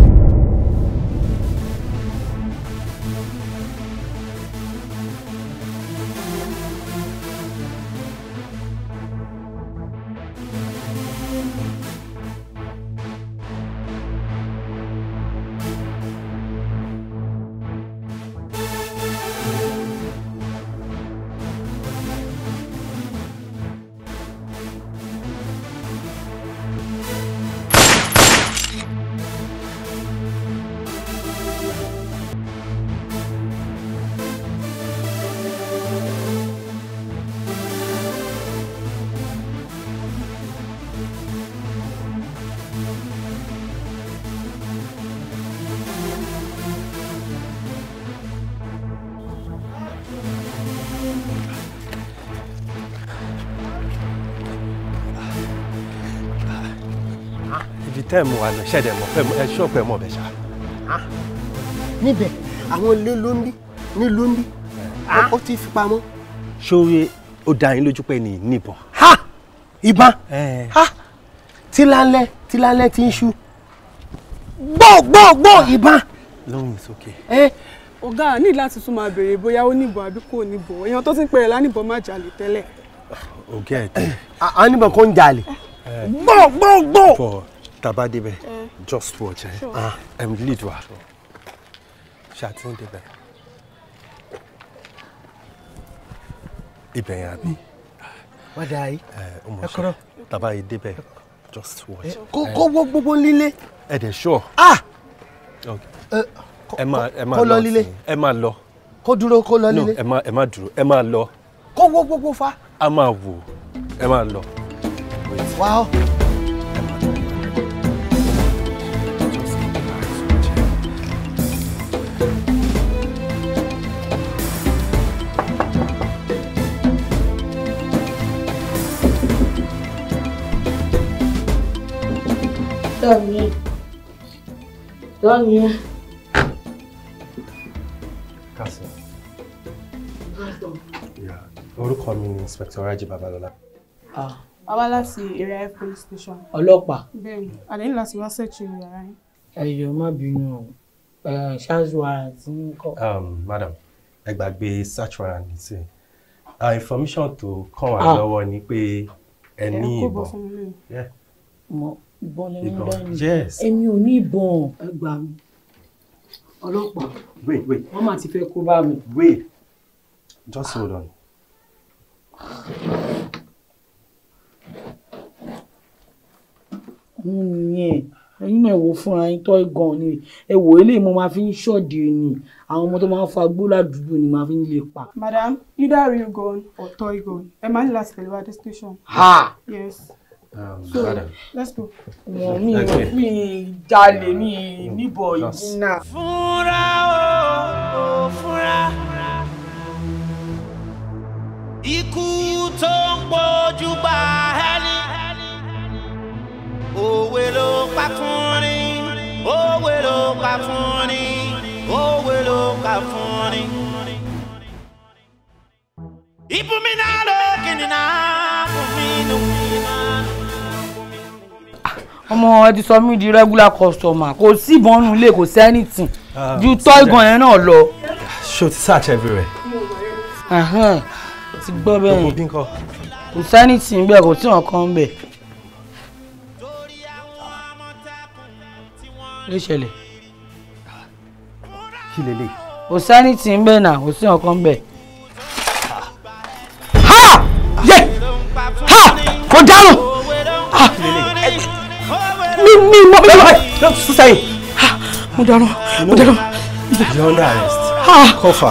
tẹ́ẹ̀mù wa náà ṣẹ̀dẹ̀ mọ̀ pẹ́ ẹ ṣọ́ọ̀pù ẹ mọ̀ bẹ̀ ṣá. Ah, níbẹ̀ àwọn ilé ló ń bí ní ló ń bí ah. ó ti fi pamọ́. ṣóore ó dá yín lójú pé ní níbọn. ha ìbọn eh. ha tílálẹ́ tílálẹ́ ti ń ṣú gbọ́gbọ́gbọ́ ah. ìbọn. lóhùn sókè. ẹ ọ̀gá ní láti tún máa béèrè bóyá ó níbọn àbí kò níbọn èèyàn tó ti ń pẹ̀rẹ̀ lánìbọn má jalè tẹ́lẹ̀. òkè ẹ̀ tẹ́. àwọn níbọn kò ń jalè. gbọ́gbọ́gbọ́. Eh. Taba débẹ̀ mm. just watch ẹ eh? ẹm ah, lead wa ṣàtún débẹ̀ ibẹ̀ yẹn àbí. wọ́n dà yìí eh, ẹ kọ́rọ́ tàbá yìí just watch. Eh, kó kó wọ gbogbo líle. ẹ dẹ̀ sure. ah ẹ máa ẹ máa lọ sí ẹ máa lọ. kó dúró kó lọ líle. no ẹ máa ẹ máa dúró ẹ máa lọ. kó gbogbo fa. a máa wò ẹ máa lọ. wàá. Wow. Daniel. Daniel. Kásìn. Orúkọ mi ni Inspector Raji Babalọ́lá. A wá láti area F police station. Ọlọ́pàá. Bẹ́ẹ̀ni, àlẹ́ ní láti wá sẹ́ẹ̀kì yàrá yín. Ẹ̀yọ́ má bínú o, ṣáájú ara ti ń kọ́. Um, madam, ẹ gbàgbé search warrant sí i. Information to kàn wá ah. lọ́wọ́ ni pé ẹ ní ìbọn ìbọn lè ń dání èmi ò ní ìbọn. ẹ gbà mí ọlọ́pàá máa ti fẹ́ kó bá mi. wait just hold on. nìyẹn ẹ̀yin náà wò fúnra yín tọ́ gan ni ẹ wò eléyìí mo máa fi ń ṣọ́ọ̀dì ni àwọn ọmọ tó máa ń fa gbólà dúdú ni màá fi ń lè pa. madam either real gun or toy gun ẹ máa ń láti tẹ̀lé wa destination. ha yes. Um, so let's go. mo mi mi jalè mi níbọ̀ ìdínà. fúnra o fúnra ikú tó ń gbójú bá ẹni òwe ló pa fún òwe ló pa fún òwe ló pa fún ni. ibùmínà lókè nínà kò mí nù ọmọ ẹ ti sọ mí di regular customer kò sí ìbọn nù lè kò sí anything ah, ju tọ́ìgàn yẹn náà lọ. ṣó ti search everywhere. ó ti gbọ́ bẹ́ẹ̀ yẹn kò sí anything bẹ́ẹ̀ kò sí ọ̀kan bẹ́ẹ̀. lè ṣẹlẹ̀. kí lè lè. kò sí anything bẹ́ẹ̀ náà kò sí ọ̀kan bẹ́ẹ̀. ha yẹ ha kò dáhùn mi mi mo bẹ bá yìí. sún sẹ́yìn. mo dara mo dara. you are under arrest. kọfà.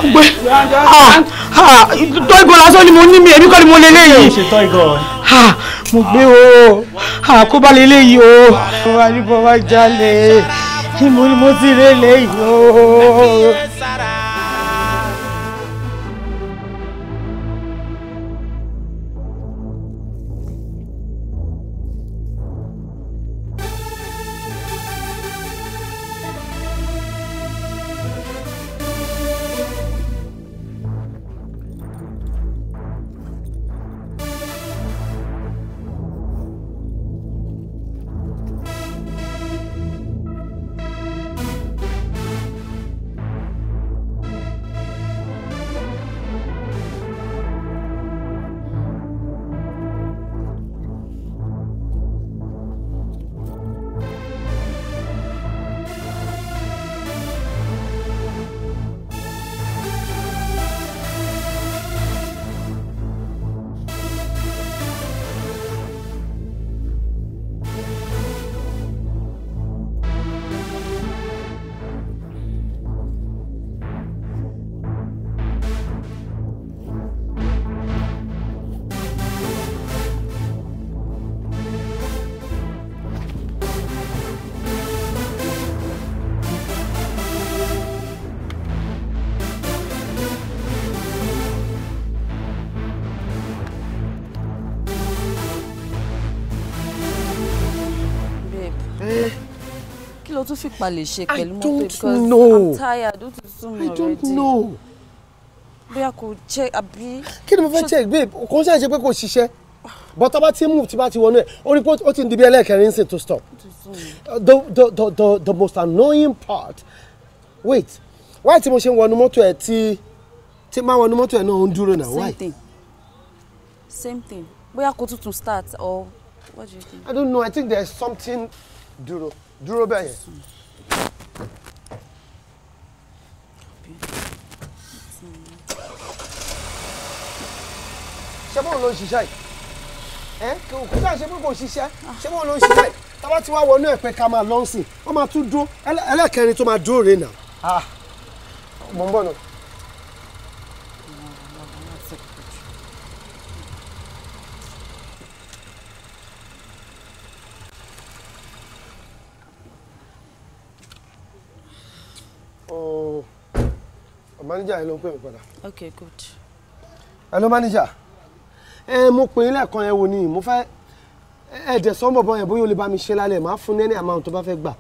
gbé tọ́ ìgò ni mo ní mi èmi kọ́ ni mo lè léyìí. ṣe tọ́ ìgò rẹ. mo gbé o kó bá lè léyìí o. mo wà ní bọ́ wá jálè mo mo ti lè léyìí o. ló tún fìpá lè ṣe pẹ̀lú mọ́tò because know. i'm tired ó ti sún mi already. i don't know. bóyá kò jẹ́ àbí. kí ni mo fẹ́ check babe kò ń ṣàìṣe pé kò ṣiṣẹ́ but ọba tí move tí bá ti wọnú ẹ ó rí pé ó ti ń di ẹlẹ́ẹ̀kẹrin sí to stop the, the the the most annoying part wait why tí mo ṣe ń wọnú mọ́tò ẹ tí tí máa wọnú mọ́tò ẹ náà ń dúró náà why. same thing same thing bóyá kò tuntun start or what do you think. i don't know i think there is something duro dúró bẹ́ẹ̀ yẹn. ṣé bóun ló ń ṣiṣẹ́ yìí ẹ kò kí ká ṣe pé kò ṣiṣẹ́ ṣé bóun ló ń ṣiṣẹ́ yìí tábà tí wàá wọnú ẹ̀ pé ká máa lọ́nsìn wọ́n máa tún dún ẹlẹ́kẹrin tó máa dún òre nà. Ah, mo ń bọ̀ náà. Oh. Manager hello, ló ń pè Okay, good. Hello, manager. Eh, mo pè yín lẹ́ẹ̀kan yẹn wò ni mo fẹ́ ẹ dẹ̀ sọ́n bọ̀bọ̀ yẹn bóyá o lè bá mi ṣe lálẹ́ màá fún ní amount tó bá fẹ́ gbà.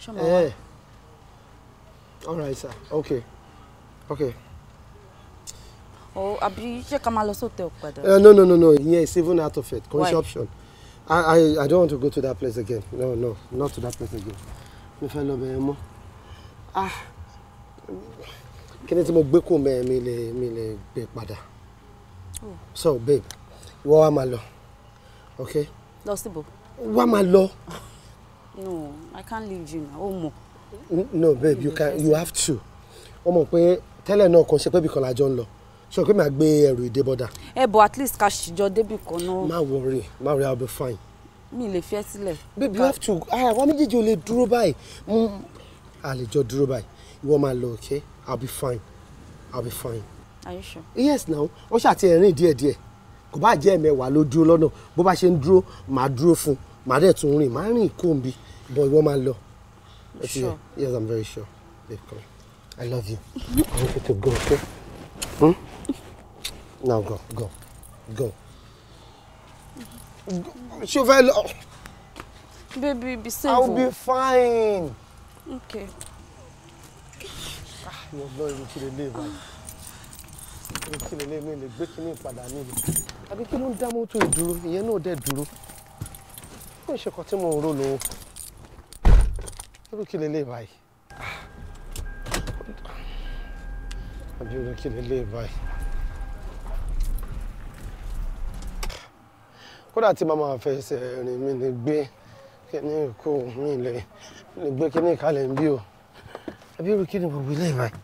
Ṣọmọ wa. All right, sir. Okay. Okay. Oh, àbí ṣé ká máa lọ sóòtẹ́ òpadà? Uh, no, no, no, no. Ìyẹn is even out of it. Consumption. Why? I, I, I don't want to go to that place again. No, no, not to that place again. Mo fẹ́ lọ bẹ̀rẹ̀ mọ́ ah kíni tí mo gbé kò mẹ́ mi lè mi lè gbé padà oh. so babe ìwọ wa máa lọ ok. lọ síbò. wa máa lọ. no i can't leave you now o mọ. no babe you can you have to o mọ̀ pé tẹ́lẹ̀ náà kò ṣe pé bìkan lájọ ń lọ ṣe pé màá gbé ẹrù ìdè bọ́dà. ẹ bọ at least ká ṣìjọ débì kan náà. má worry má worry i will be fine. mi lè fi sílẹ̀. babe you have to ah wa méjèèjì ò lè dúró báyìí mm, a lè jọ dúró báyìí ìwọ máa lọ okay i'll be fine i'll be fine. are you sure. yes now wọ́n ṣàti ẹ̀rín díẹ̀díẹ̀ kò bá jẹ́ ẹ̀mẹ́wàá ló dúró lọ́nà bó bá ṣe ń dúró màá dúró fún màá dẹ̀ tún rìn màá rìn kóńbi bọ̀ ìwọ máa lọ. sure yes i'm very sure babe come i love you àwọn kòkò go okay hmm? now go go go ṣé o fẹ́ lọ. baby be safe o. i will be oh. fine. Okay. Ah, yóò lọ irú kí lè lé báyìí. Irú kí lè lé mi lè gbé kíní ìpadà mi lè. Àbí kí ló ń dá mọ́tò ìdúró? Ìyẹn náà dẹ̀ dúró. Ó ṣe kan tí mo ń rò lówó. Irú kí lè lé báyìí. Ah. Àbí irú kí lè lé báyìí. Kódà tí màmá fẹsẹ̀ rìn mi lè gbé kíní ìkó mi lè lè gbé kíní kalẹ̀ ń bí o àbí irú kíni gbogbo ilé ìbáyìí.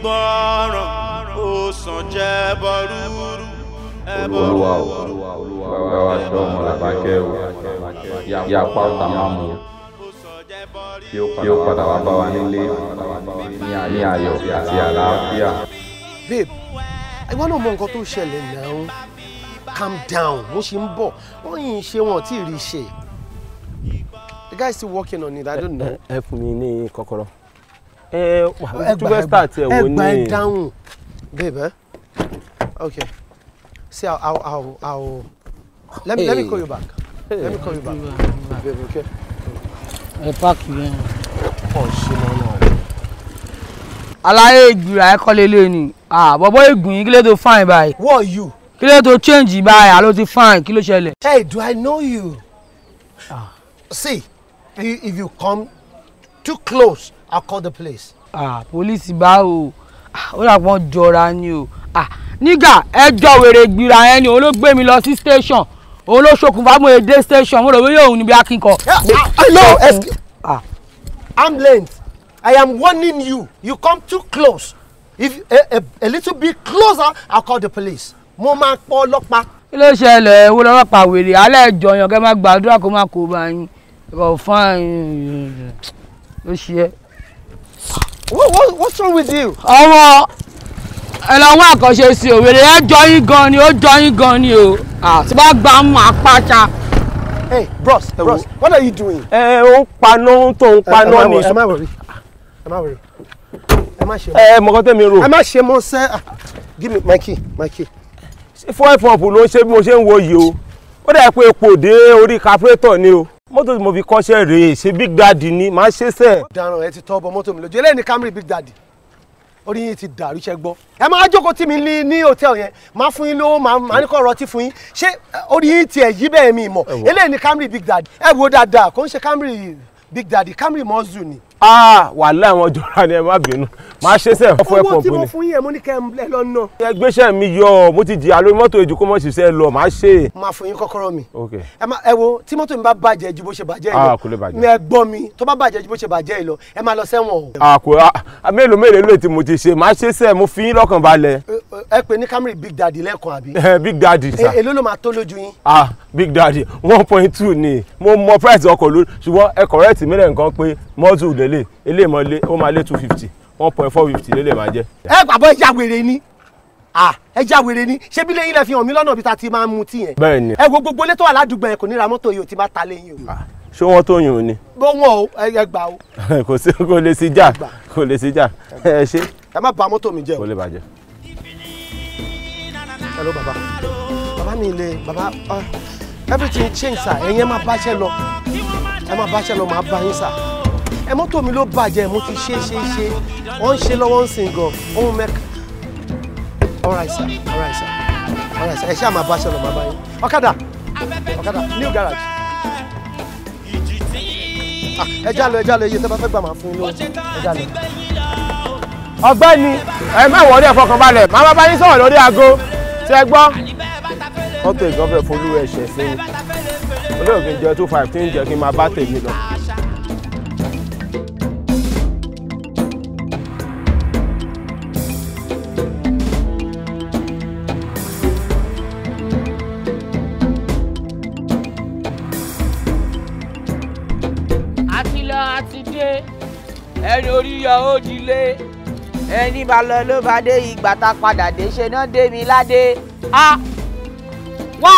gbígbọ́ràn ó sàn jẹ́ ẹbọ olúwa o olúwa wa ṣọ́ ọmọ làbákẹ́ o yà pa ọ̀tá máa mú kí ó padà wá bá wa nílé ní ayọ̀ àti àlàáfíà. babe ìwọ náà mọ nǹkan tó ṣẹlẹ̀ náà calm down mo ṣe ń bọ̀ wọ́n yìí ṣe wọn tí ì rí ṣe the guy still working on it i don't know. ẹ fún mi ní kọ́kọ́rọ́. Eh, eh, ẹ wà tó start ẹ wò ní. ẹgbà ẹ dáhùn babe eh? okay see how how how how let me hey. let me call you back hey. let me call you back babe okay. ẹ páàkì yẹn. ọ̀ ṣe lọ́nà aláyé ìgbìrà ẹ kọ́ lélẹ́ ni ah, bọ́bọ́ ìgbìn yín kí ló tó fine báyìí. who are you. kí ló tó change báyìí àló ti fine kí ló ṣẹlẹ̀. hey do i know you. Ah. see if you come too close i call the police. ah police báwo ó dà pọ́n jọra ni o ah nígbà ẹjọ́ wèrè gbìrà yẹn ni òun ló gbé mi lọ sí station òun ló ṣokùnfà mo èdè station mo rò wí òun níbi akínkọ. Hello, eh, ah, ah, excuse ah. i'm late i am warning you you come too close if a, eh, a, eh, a little bit closer i call the police mo máa pọ ọlọ́pàá. kí ló ṣẹlẹ̀ ewu lọ́lọ́pàá wèrè alẹ́ ìjọyàn kẹ́ máa gbàdúrà kó máa kó bá yín ọ̀fọ̀n ló ṣe é. what what what's wrong with you. ọwọ́ ẹ lọ wá àkànṣe sí o wèrè ẹ jọ yín gan ni ó jọ yín gan ni o tí bá gbà mú apáta. hey bros hey, bros what are you doing. ẹ ẹ ń paná tó ń paná ni. ẹ má wọrí ẹ má wọrí ẹ má ṣe mọ. ẹ mọ̀kọ́ tẹ̀mí rò. ẹ má ṣe mọ sẹ́ ah, give me my key my key. fọ́ ẹ̀fọ́n ọ̀pù ló ń ṣe bí mo ṣe ń wo yìí o ó dẹ̀ pé epo dé orí kápẹ́tọ̀ ni o mọ́tò tí mo fi kọ́ṣẹ́ rèé ṣe big daddy ni màá ṣe sẹ́. daran ẹ ti tọ́ bọ mọ́tò mi lójú eléyìí Camry big daddy orí yín ti dàrú iṣẹ́ gbọ́ ẹ máa jókòó tì mí ní ní hòtẹ́ẹ̀lì yẹn máa fún yín lówó máa ní kọ́ ọ̀rọ̀ tí fún yín ṣé orí yín tiẹ̀ yí bẹ́ẹ̀ mi mọ̀ eléyìí Camry big daddy ẹ wo dáadáa kò ń ṣe Camry big daddy Camry mọ́zù ni. ah wàhálà àwọn jọra ni ẹ má bínú máa ṣe sẹ fọ ẹ pọmpu ni. owó tí mo fún yín ẹ mo ní kẹ́ ẹ lọ́nà. ẹ gbéṣẹ́ mi yọ mo ti jìyà lórí mọ́tò èjì kó mọ̀ ṣiṣẹ́ lọ máa ṣe. máa fún yín kọ́kọ́rọ́ mi. ẹ máa ẹ wo tí mọ́tò mi bá bàjẹ́ ju bó ṣe bàjẹ́ yìí lọ ah, ẹ gbọ́ mi tó bá bàjẹ́ ju bó ṣe bàjẹ́ yìí lọ ẹ máa lọ sẹ́wọ̀n o. àkó ah, ah, mélòó mélòó lè ti mo ti ṣe máa ṣe sẹ mo fi yín lọ́kàn balẹ̀. ẹ pè ní Camry Big Daddy lẹ́ẹ̀kan àbí. Eh, Big Daddy sa. E, èló ló máa tó lójú yín. ah Big Daddy one point two ni mo mọ price ọkọ̀ lórí ṣùgbọ́n ẹ correct mi lẹ́ nǹkan pé mọ́tò lélẹ̀ eléèmọ́lé ó máa lé two fifty one point four fifty ló lè máa jẹ́. ẹ pàbọ ẹja wèrè ni ẹja wèrè ni ṣé bí lẹ́yìn lẹ fi hàn mí lọ́nà ibi tá a ti máa ń mutí yẹn. bẹ́ẹ̀ni. ẹ wo gbogbo ilé tó wà ládùúgbò yẹn kò ní ra mọ́tò yìí ò ti bá ta lẹ́yìn o. ṣé wọn tó yùn ni. bó wọn o ẹ gbà o. <laughs> kò sí kò lè sí jà kò lè sí jà ẹ ṣe. ẹ má bà mọ́tò mi jẹ́ o. kò lè bàjẹ́. ẹ ló bàbá mi ilé bàbá ah, everything change sa ẹ̀yin ẹ má báṣẹ́ lọ ẹ má báṣẹ́ lọ màá bá yín sa ẹ mọ́tò mi ló bàjẹ́ mo ti ṣe ṣe ṣe wọ́n ń ṣe lọ́wọ́ ń sìn gan ohun mẹ́ka all right sir all sir all sir ẹ ṣe àmà bá ṣọlọ màá bá yín ọ̀kadà ọ̀kadà new garage ah, ẹ jálọ ẹ jálọ iye tẹ́ bá fẹ́ gbà máa fún yín lóhùn ẹ jálọ. ọ̀gbẹ́ni ẹ má wọlé ẹ fọkànbalẹ̀ màá bá bá yín sọ̀rọ̀ lórí aago ṣé ẹ gbọ́. mọ́tò ìgbọ́fẹ́ folú ẹ̀ṣẹ̀ sí i olóògbé jẹ́ two five tí ń jẹ́ kí n máa bá tèmi lọ. lé ẹni bá lọ ló bá dé ìgbà tá a padà dé ṣe náà dé mi ládé. a wá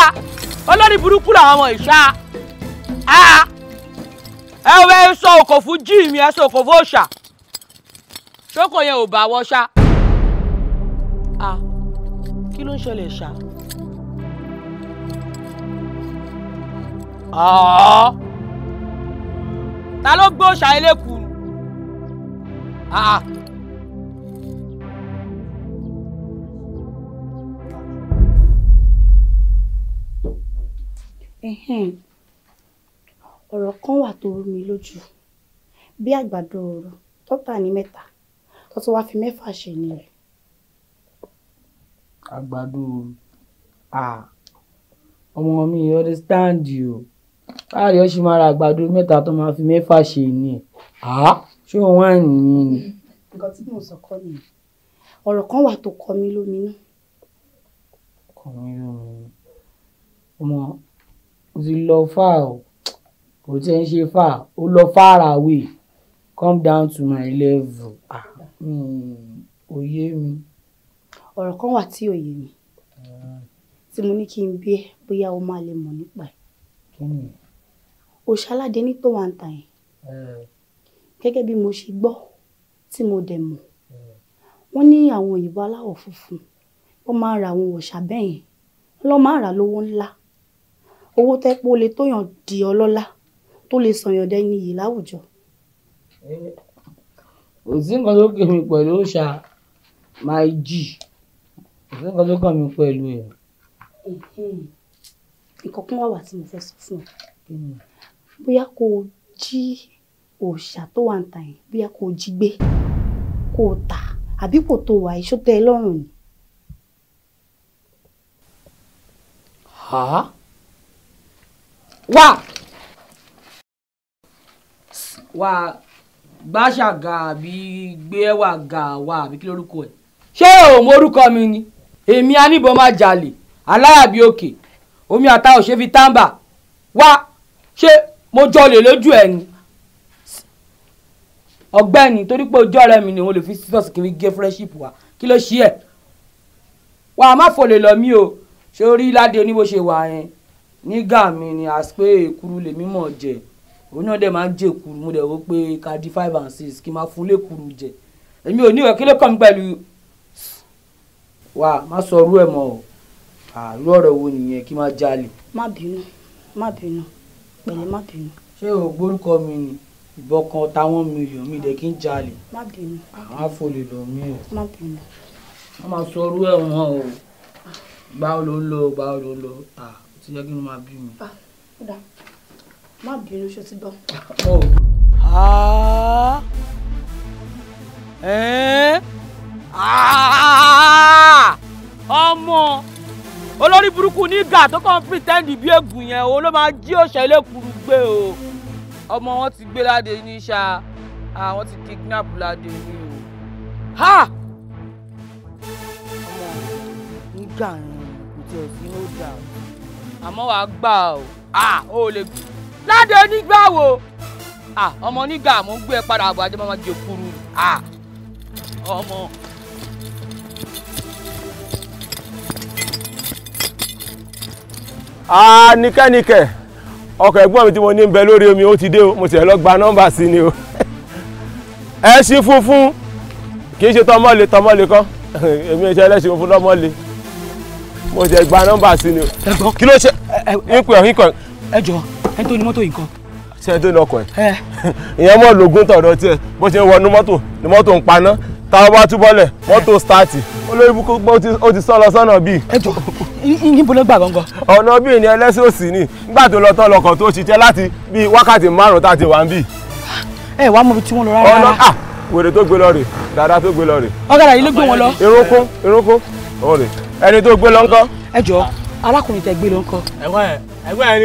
olórí burúkú làwọn ọmọ ìṣá a ẹ wẹ́ sọ òkò fún jíìmì ẹ sọ òkò fún òòṣà ṣókò yẹn ò bá wọ ṣá. a kí ló ń ṣẹlẹ̀ ṣá. ta ló gbé òòṣà elékùú. Ah, ah. Ẹ̀hẹ́n. Ọ̀rọ̀ kan wà tó rú mi lójú. Bí àgbàdo ọ̀rọ̀ tó tà ní mẹ́ta, tó tún wáá fi mẹ́fà ṣe ni rẹ̀. Àgbàdo ọmọ mi understand o. Báyọ̀ ṣe máa ra àgbàdo mẹ́ta tó máa fi mẹ́fà ṣe ni. Ah ṣé o wá nìyí ni. nǹkan tí mò ń sọ kọ́ nìyẹn ọ̀rọ̀ kan wà tó kọ mí lóminú. kọ mí lóminú ọmọ o ti lọ fà o kò tẹ́ ń ṣe fà o lọ fara away come down to my level ah, òye mi. ọ̀rọ̀ kan wà tí òye mi tí mo ní kí n bí ẹ bóyá o máa lè mọ̀ nípa ẹ̀. kí ni. òṣàládé ní tó yẹn. Eh gẹ́gẹ́ bí mo ṣe gbọ́ tí mo dẹ̀ mọ̀ wọ́n ní àwọn òyìnbó aláwọ̀ funfun wọ́n máa ń ra àwọn òòṣà bẹ́ẹ̀ yẹn lọ́ máa rà lówó ńlá owó tẹ́ pé ó lè tóyàn di ọlọ́lá tó lè sọ̀yàn dẹni yìí láwùjọ. kò sí nǹkan tó kàn mí pẹ̀lú òòṣà máa jì kò sí nǹkan tó kàn mí pẹ̀lú ẹ̀. nǹkan kan wà wà tí mo fẹ́ sọ fún ọ bóyá kò jí òòṣà tó wà ń ta yẹn bóyá kò jí gbé kò tà àbí kò tó wà iṣó tẹ́ ẹ lọ́rùn ni. wà wà gbàṣàgà àbí gbéwà gà wà àbí kí lórúkọ ẹ ṣé o mọ orúkọ mi ni èmi aníbọn máa jalè aláyàbí òkè omi àtàwọn ṣe fi tàǹbà wá ṣé mo jọlè lójú ẹ ni ọ̀gbẹ́ni torí pé ojú ọ̀rẹ́ mi ni òun lè fi sísọ̀sì kiri gé friendship wa kí ló ṣí ẹ̀ wà á má fòlè lọ mí o ṣé orí ládé ní bó ṣe wà yẹn nígà mi ni àsìpé èkuru lèmi mọ̀ jẹ òun náà dẹ̀ máa ń jẹ èkuru mo dẹ̀ wò pé ká di five and six kí n máa fún lèkuru jẹ èmi ò ní ìwẹ̀ kí ló kàn mí pẹ̀lú wà á má sọ ọrú ẹ̀ mọ́ o àrú ọ̀rọ̀ wo nìyẹn kí n má jalè. má bínú má bínú pẹ̀lẹ́ má bínú. ṣé o gbórúkọ mi ni ìbọn kan táwọn mílíọ̀nù mi dẹ̀ kí n jalè àwọn àfọlè lọ mí o wọ́n máa sọ ọrú ẹ̀ wọ́n o báwo ló ń lọ báwo ló ń lọ à ti yẹ kí ló máa bí mi. má bínú ṣe ti gbọ́. ọmọ olórí burúkú nígbà tó kàn ń pretend bí ègùn yẹn o ló máa jí òṣèlè kúrú gbé o ọmọ wọn ti gbé láde ní ṣá àwọn ah, ti kidnap láde ní o. ha ọmọ nígbà yẹn kò tiẹ̀ sí ó dà o àmọ́ wàá gbà o ó ah, lè gbà láde onígbà wo ah, ọmọ onígbà mo ń gbé ẹ padà àbọ̀ ajé máa ma jẹ kúrú ọmọ. a nìkẹ́nìkẹ́ ọkọ̀ ẹ̀gbọ́n mi tí mo ní ń bẹ lórí omi ó ti dé o mo sì ẹ̀ lọ gba nọ́mbà sí ni o <laughs> ẹṣin funfun kì í ṣe tọmọ́lé tọmọ́lé kọ́ <laughs> èmi ìṣe ẹlẹ́ṣin funfun lọ́mọ́lé mo sì ẹ̀ gba nọ́mbà sí ni o. ẹ̀gbọ́n kí ló ṣe ìpè ọ̀hún kan. ẹ jọ ẹ tó ní mọ́tò yìí kan. ṣé ẹ tó ní ọkọ̀ ẹ̀. ìyẹn mọ́ lògùn tọ̀dọ̀ tiẹ̀ bó ṣe wọnú mọ́tò ni mọ́tò ń paná tá a bá túbọ̀lẹ̀ mọ́tò stáàtì olórí búkú ó ti sọ lọ sọ́nà bíi. ẹ jọ níbo ló gbà gangan. ọ̀nà bíi ni ẹlẹ́sìn òsì ni nígbà tó lọ tán lọkọ̀ tó ṣiṣẹ́ láti bíi wákàtí márùn-ún tá a ti wà ń bì. ẹ wàá mọ ibi tí wọ́n lọ rárá. ọ̀nà à wèrè tó gbé lọ rè dàda tó gbé lọ rè. ọ̀gádà yìí ló gbé wọn lọ. irunkun irunkun òun ẹni tó gbé lọ ńkọ́. ẹ jọ arákùnrin tẹ gbé lọ ńkọ́. ẹ̀gbọ́n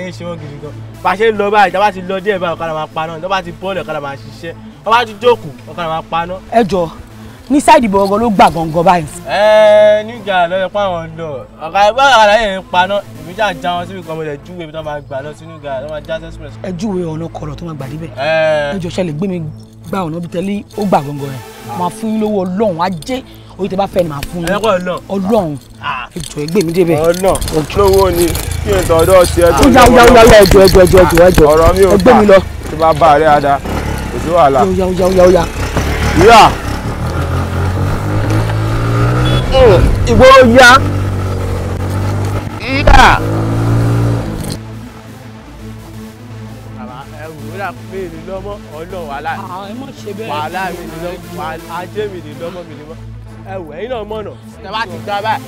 ẹ gidi gan bá a ṣe ń lọ báyìí tá a bá ti lọ wọ́n bá ti jókòó ọ̀kadà máa paná. ẹ jọ ní sáìdì bọ̀ọ̀gọ̀ ló gbà gàngàn báyìí. ẹ ẹ nígbà lọ́yọ̀ pa àwọn ọ̀dọ́ ọ̀kadà gbọ́dọ̀ ọ̀kadà yẹn ń paná èmi ṣáà já wọn síbi kan mo lè júwe ibi tó máa gbà lọ sínú gàá tó máa já sẹ́sìmẹ̀sì. ẹ júwe ọ̀nà kọ̀rọ̀ tó máa gbà níbẹ̀ ẹ jọ ṣẹlẹ̀ gbé mi gba ọ̀nà bí tẹ́lẹ̀ ó gbà gàngàn rẹ̀ máa fún yín lówó ọlọ́run ajé oye tẹ bá fẹ́ ni màá fún yín ọlọ́run ẹjọ́ ẹgbẹ́ mi débẹ̀. mi kò sí wàhálà. ó yá ó yá ó yá ó yá. yíyá ìgboro yá yíyá. bàbá ẹ wò ó dà pé èmi lọ́mọ ọ̀nà wàhálà ah, wàhálà mi ni mi ni lọ́mọ mi ni mọ́ ẹwẹ yín náà mọ̀nà. ẹ bá ti gba báyìí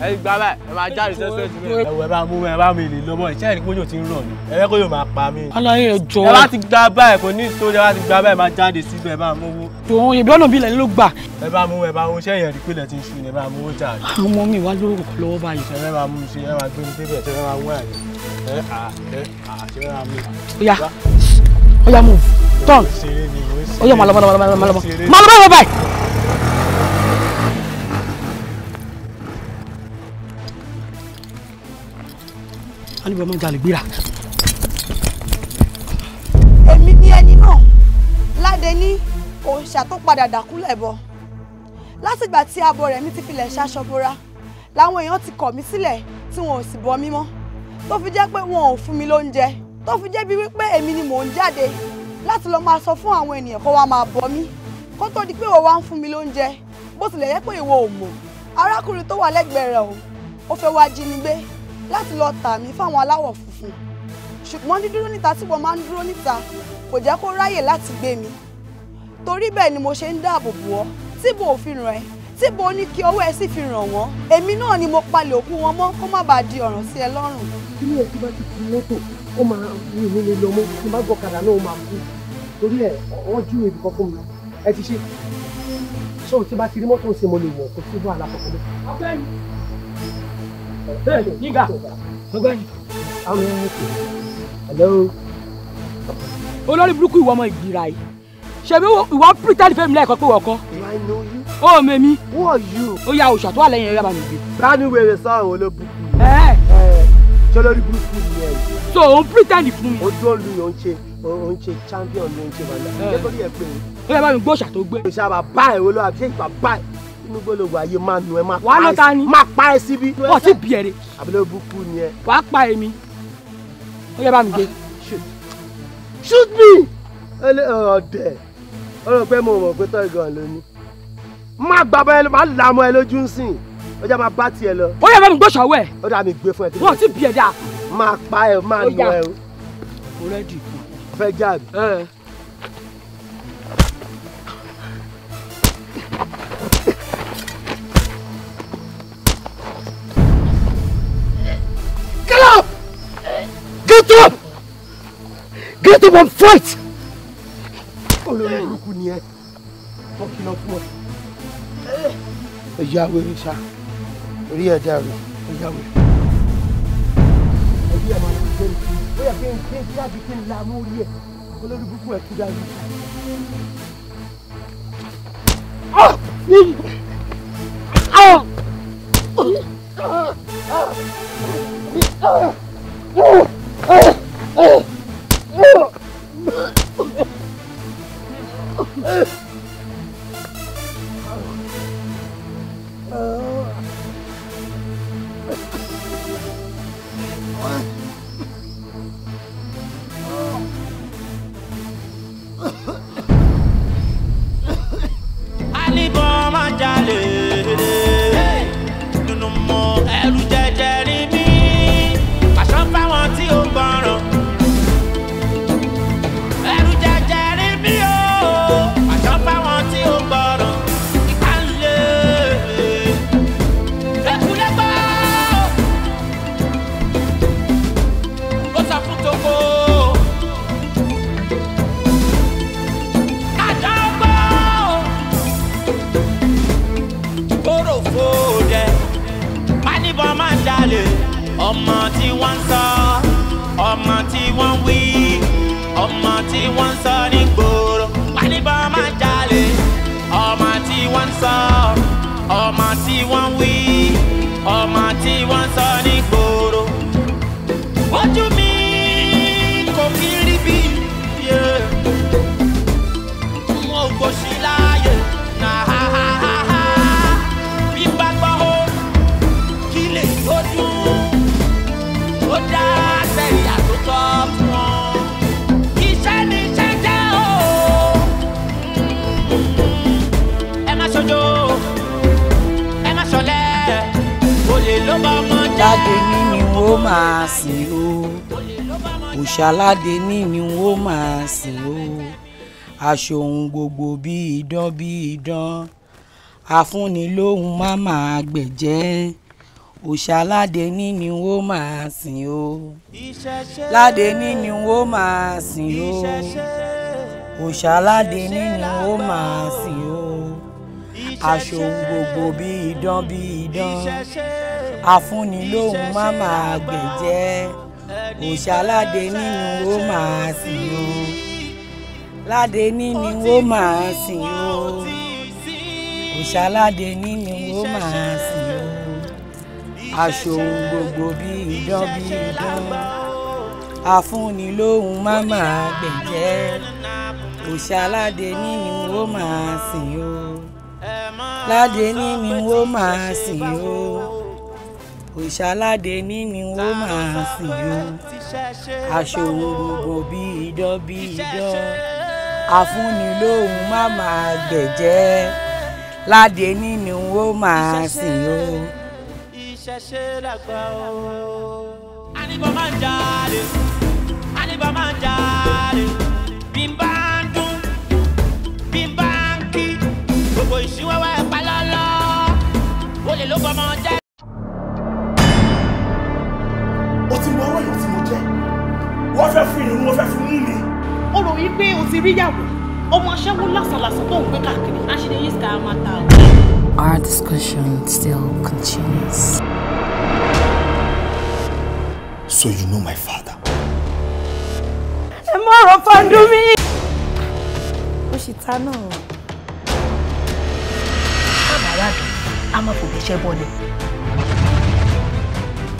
ẹ gba báyìí ẹ máa jáde sẹ́sẹ̀ jù ẹwẹ bá mú ẹ bá mi lè lọ́mọ ìṣe ẹni kójó ti ń rọ̀ mí ẹ̀rẹ́ kójó máa pa mí. aláyé ẹ jọ. ẹ bá ti gba báyìí kò ní ìtòjọ ẹ bá ti gba báyìí máa jáde síbẹ̀ ẹ bá mú owó. tòun ìbí ọ̀nà bílẹ̀ ló gbà. ẹ bá mú ẹ bá mú iṣẹ́ yẹn rí pílẹ̀ ti ń ṣu ẹ bá mú owó jà. àwọn ah, ọmọ mi wá lórúkọ lọ́wọ́ báyìí. ẹ move wọ́n níbi ọmọ jalè gbéra. èmi ni ẹni náà ládé ní òòṣà tó padà dàkúlẹ̀ bọ̀ látìgbà tí abo rẹ̀ mi ti filẹ̀ ṣaṣọbora làwọn èèyàn ti kọ̀ mí sílẹ̀ tí wọn ò sì bọ́ mi mọ́ tó fi jẹ́ pé wọn ò fún mi lóúnjẹ tó fi jẹ́ bí wípé èmi ni mò ń jáde láti lọ máa sọ fún àwọn ènìyàn kó wá máa bọ́ mi kó tó di pé ìwọ wá ń fún mi lóúnjẹ bó tilẹ̀ yẹ pé ìwọ ò mọ̀ arákùnrin tó wà lẹ́gbẹ̀ẹ́ rẹ̀ o ó fẹ́ wá jí ni gbé láti lọ tà mí fáwọn aláwọ̀ funfun ṣùgbọ́n dídúró níta tí wọ́n máa ń dúró níta kò jẹ́ kó ráyè láti gbé mi torí bẹ́ẹ̀ ni mo ṣe ń dáàbò bò ọ́ tí bò fi ràn ẹ́ tí bò ní kí ọwọ́ ẹ sì fi ràn wọ́n èmi náà ni mo palẹ̀ òkú wọn mọ́ kó má bàa di ọ̀ràn sí ẹ lọ́rùn. inú ẹ tí bá ti fi mọ́tò ó máa ń rìn nílé lọ mọ́ tí bá gbọ́kadà náà ó máa kú torí ẹ wọ́n jú ìbí kan fún mi ẹ ti ṣe sóò tí bá ti rí mọ́tò ń ṣe mo lè wọ̀ kó síbò àlàkọ̀ọ́lẹ̀ nígà ọgbẹ́ni. olórí burúkú ìwọ ọmọ ìgbìrà yìí ṣebí ìwọ pretend fẹmi lẹ́ẹ̀kan pé wọkọ ó mẹmí ó ya òṣà tó wà lẹ́yìn ẹyà bá mi gbé. wèrè sọ̀rọ̀ olóbùkún sọlórí burúkú ni ẹ. so òun pretend fún mi. ojú olú yóò ń ṣe òun ṣe champion ló ń ṣe wàlá. ṣé torí ẹ pé. ó yẹ bá mi gbọ́ òṣà tó gbé. òṣà bàbá ẹ̀ wọlé àbí ṣé ìgbà báyìí inú gbọ́dọ̀ wà yé máa nu ẹ máa pa ẹ wàá lọ ta ni máa pa ẹ síbi. wọ́n ti bí ẹ̀rẹ̀. àbúlé burúkú ni ẹ. wàá pa èmi ó yẹ bá mi gbé. Ah, shoot me ọ̀dẹ̀ ọ̀rọ̀ pé mo mọ̀ pé tọ́jú gan ló má gba bọ́ ẹ má là mọ́ ẹ lójú ń sìn ọjà máa bá tiẹ̀ lọ. ó yẹ bá mi gbé sọ̀wọ́ ẹ̀. ó dà mí gbé fún ẹ. wọ́n ti bí ẹ̀dá. máa pa ẹ máa nu ẹ o. mo rẹ́ dì. fẹ́ jáde. Get up! Get up and fight! Olórí burúkú ni ẹ. Wọ́n kìlọ̀ fún ọ. Ẹ̀yà wèrè ṣá. Orí ẹ̀ dàrú. Ẹ̀yà wèrè. Ẹ̀yà ẹ̀ máa ń jẹ́ mi. Bóyá kí n kí n kí àbí kí n la mú orí ẹ̀. Olórí burúkú ẹ̀ kú dàrú. Ah! ah! ah! ah! Oh! oh! oh! ọmọ tí wọ́n ń sọ ọmọ tí wọ́n wí ọmọ tí wọ́n ń sọ ní. máa sìn o òṣàládé ní ni n ó máa sìn o aṣòun gbogbo bí idán bí idán afúnilóhun má máa gbẹ̀jẹ́ òṣàládé ní ni n máa sìn o ládé ní ni n máa sìn o òṣàládé ní ni n máa sìn o aṣòun gbogbo bí idán bí idán afúnni lóhùn má máa gbẹ̀jẹ́ òṣàládé nínú ó máa sìn o ládé nínú ó máa sìn o òṣàládé nínú ó máa sìn o aṣòun gbogbo bí idán bí idán afúnni má máa gbẹ̀jẹ́ òṣàládé nínú ó máa sìn o ládé nínú ó máa sìn o òòṣà aládé ní ni wọ́n máa sìn yó aṣọ òun gbogbo bí idán bí idán àfúnni lóhùn má máa gbẹ̀jẹ́ ládé ní ni wọ́n máa sìn yó. àníbọ̀ máa ń jáde àníbọ̀ máa ń jáde bí n bá ń dún bí n bá ń kí gbogbo ìṣíwáwá ẹ̀ olè ló bọ́ ọmọ jẹ́. ti mọ ọwọ́ èèyàn tí mo jẹ́ wọ́n fẹ́ fún ìrún wọ́n fẹ́ fún mú mi. o rò wí pé o ti rí yàwó ọmọ aṣẹ́wó lásàlàsà tó ń gbé káàkiri aṣèlè yìí ṣìkà máa ta o. Our discussion still continues. So you know my father. Ẹ má rọ fàndú mi. Ó ṣì ta náà. Àbára mi, a máa fòbí iṣẹ́ bọ́lẹ̀.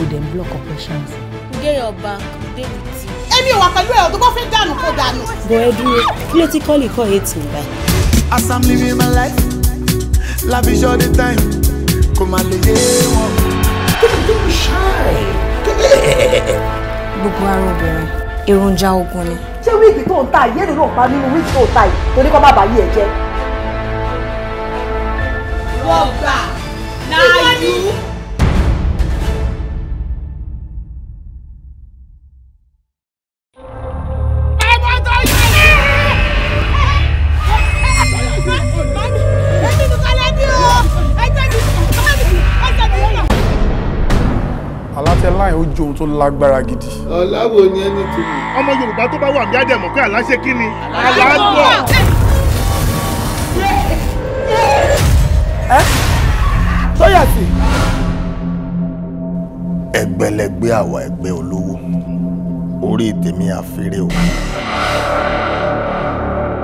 O dẹ̀ block operations adéyàn ọba débi tí. èmi ò wà pẹ̀lú ẹ̀rọ tó kọ́ fi dànù kó dànù. bọ ẹ dúró kí ló ti kọ́ lè kọ́ eight mi báyìí. as i'm living my life is all the time kò má lè yé wọn. don't shy. gbogbo ara obìnrin èròjà ogun ni. ṣé wíìgì tó ń ta yìí èrò náà pa nínú wíìgì tó ń ta yìí torí kọ́ bàbá yìí ẹ̀ jẹ́. wọ́n gbà náà yìí. tó lágbára gidi. ọ̀làwọ̀ ni ẹni tó mú. ọmọ Yorùbá tó bá wà ní àdẹ̀mọ̀ pé àláṣẹ kí ni. àlàáfọ̀. ẹ sọyà sí. ẹgbẹ̀lẹ́gbẹ̀ àwa ẹgbẹ́ olówó orí tèmi àfẹ́rẹ́ o.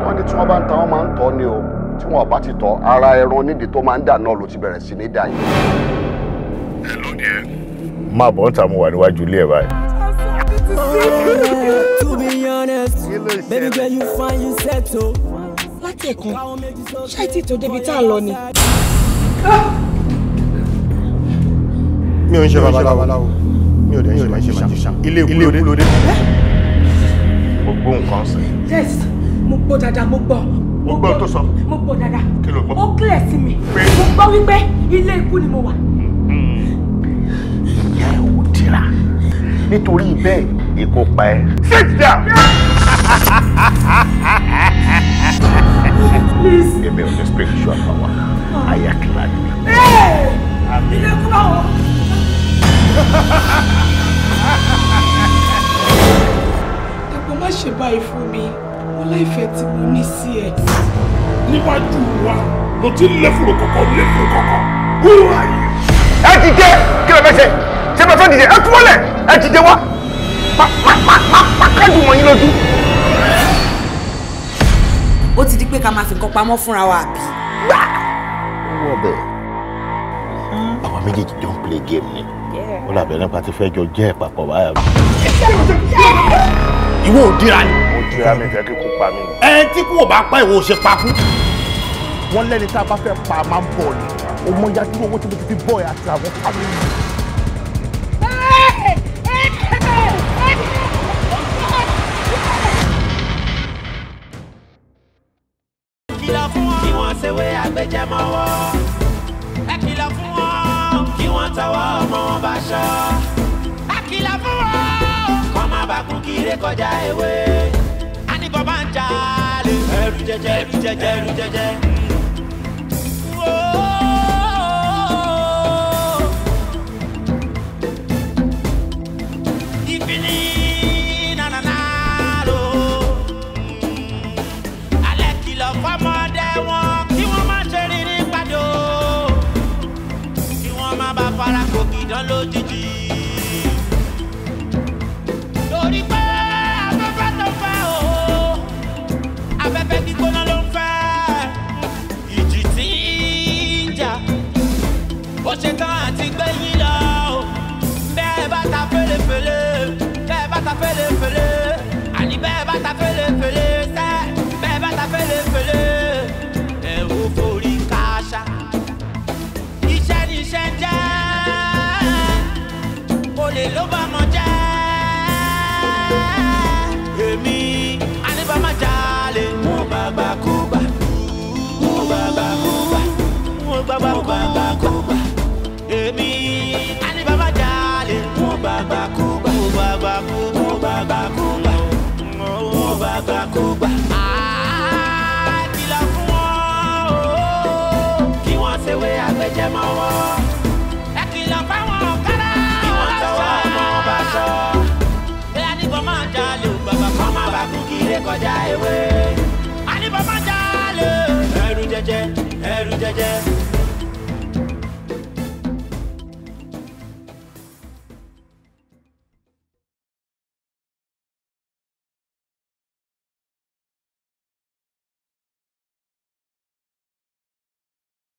wọ́n ní tí wọ́n bá ń ta wọ́n máa ń tọ́ ni o tí wọ́n bá ti tọ́ ara ẹran nídìí tó máa ń dà náà ló ti bẹ̀rẹ̀ sí ní dà yìí. ẹ lóde ẹ máa bọ̀ ń ta wà níwájú ilé ẹ̀ báyìí. to be honest baby girl you find you settle. láti ẹ̀kan ṣáì tí tó débi tá a lọ ni. mi ò ń ṣe babaláwo mi ò dẹ̀ ń ṣe màjíṣà ilé ìkúlódé. mo gbọ́ nǹkan sí. yes mo gbọ́ dáadáa mo gbọ́ mo gbọ́ tó sọ. mo gbọ́ dada. kí ló gbọ́. ó kílẹ̀ sí mi. pé mo gbọ́ wípé ilé ikú ni mo wà là nítorí bẹ́ẹ̀ ikú pa ẹ́. sit down. èmi ò ní spiritual power àyà kìlá ni. ilé kúrò wọn. dàpọ̀ má ṣe báyìí fún mi wọn láìfẹ́ tí mo ní sí ẹ. níwájú wa ló ti ń lé fúrukọ̀kọ̀ lé wúwo ayé ẹ ti jẹ kí ló fẹ́ ṣe ṣe bá fẹ́ dìde ẹ kúrò lẹ̀ ẹ ti jẹ wá pa pa pa pa pa kájú mọ̀ yín lójú. ó ti di pé ká máa fi nǹkan pamọ́ fúnra wa àbí. gbà wọ́n bẹ̀ àwọn méjèèjì jọ play game ni ó làbẹ̀ nípa tí fẹ́ jọ jẹ́ ìpapọ̀ báyà. ìwọ ò dira ni. mo dira mi fẹ́ kí kú pa mí. ẹ tí kú ò bá pa ìwọ ò ṣe pa kú. wọ́n lẹ́ni tá a bá fẹ́ pa máa ń bọ̀ ni o mọ yájú owó tí mo ti fi bọ̀ ẹ̀ àti àwọn fámìlì. kìlọ̀ fún wọn kí wọ́n ṣèwé agbẹjẹmọ́wọ́ ẹ kìlọ̀ fún ṣe tán àti gbé yín lọ o bẹ́ẹ̀ bá ta fẹ́lẹ́fẹ́lẹ́ bẹ́ẹ̀ bá ta fẹ́lẹ́fẹ́lẹ́ àní bẹ́ẹ̀ bá ta fẹ́lẹ́fẹ́lẹ́. kọjá ewé. àní bàbá jalè. ẹrù jẹjẹ ẹrù jẹjẹ.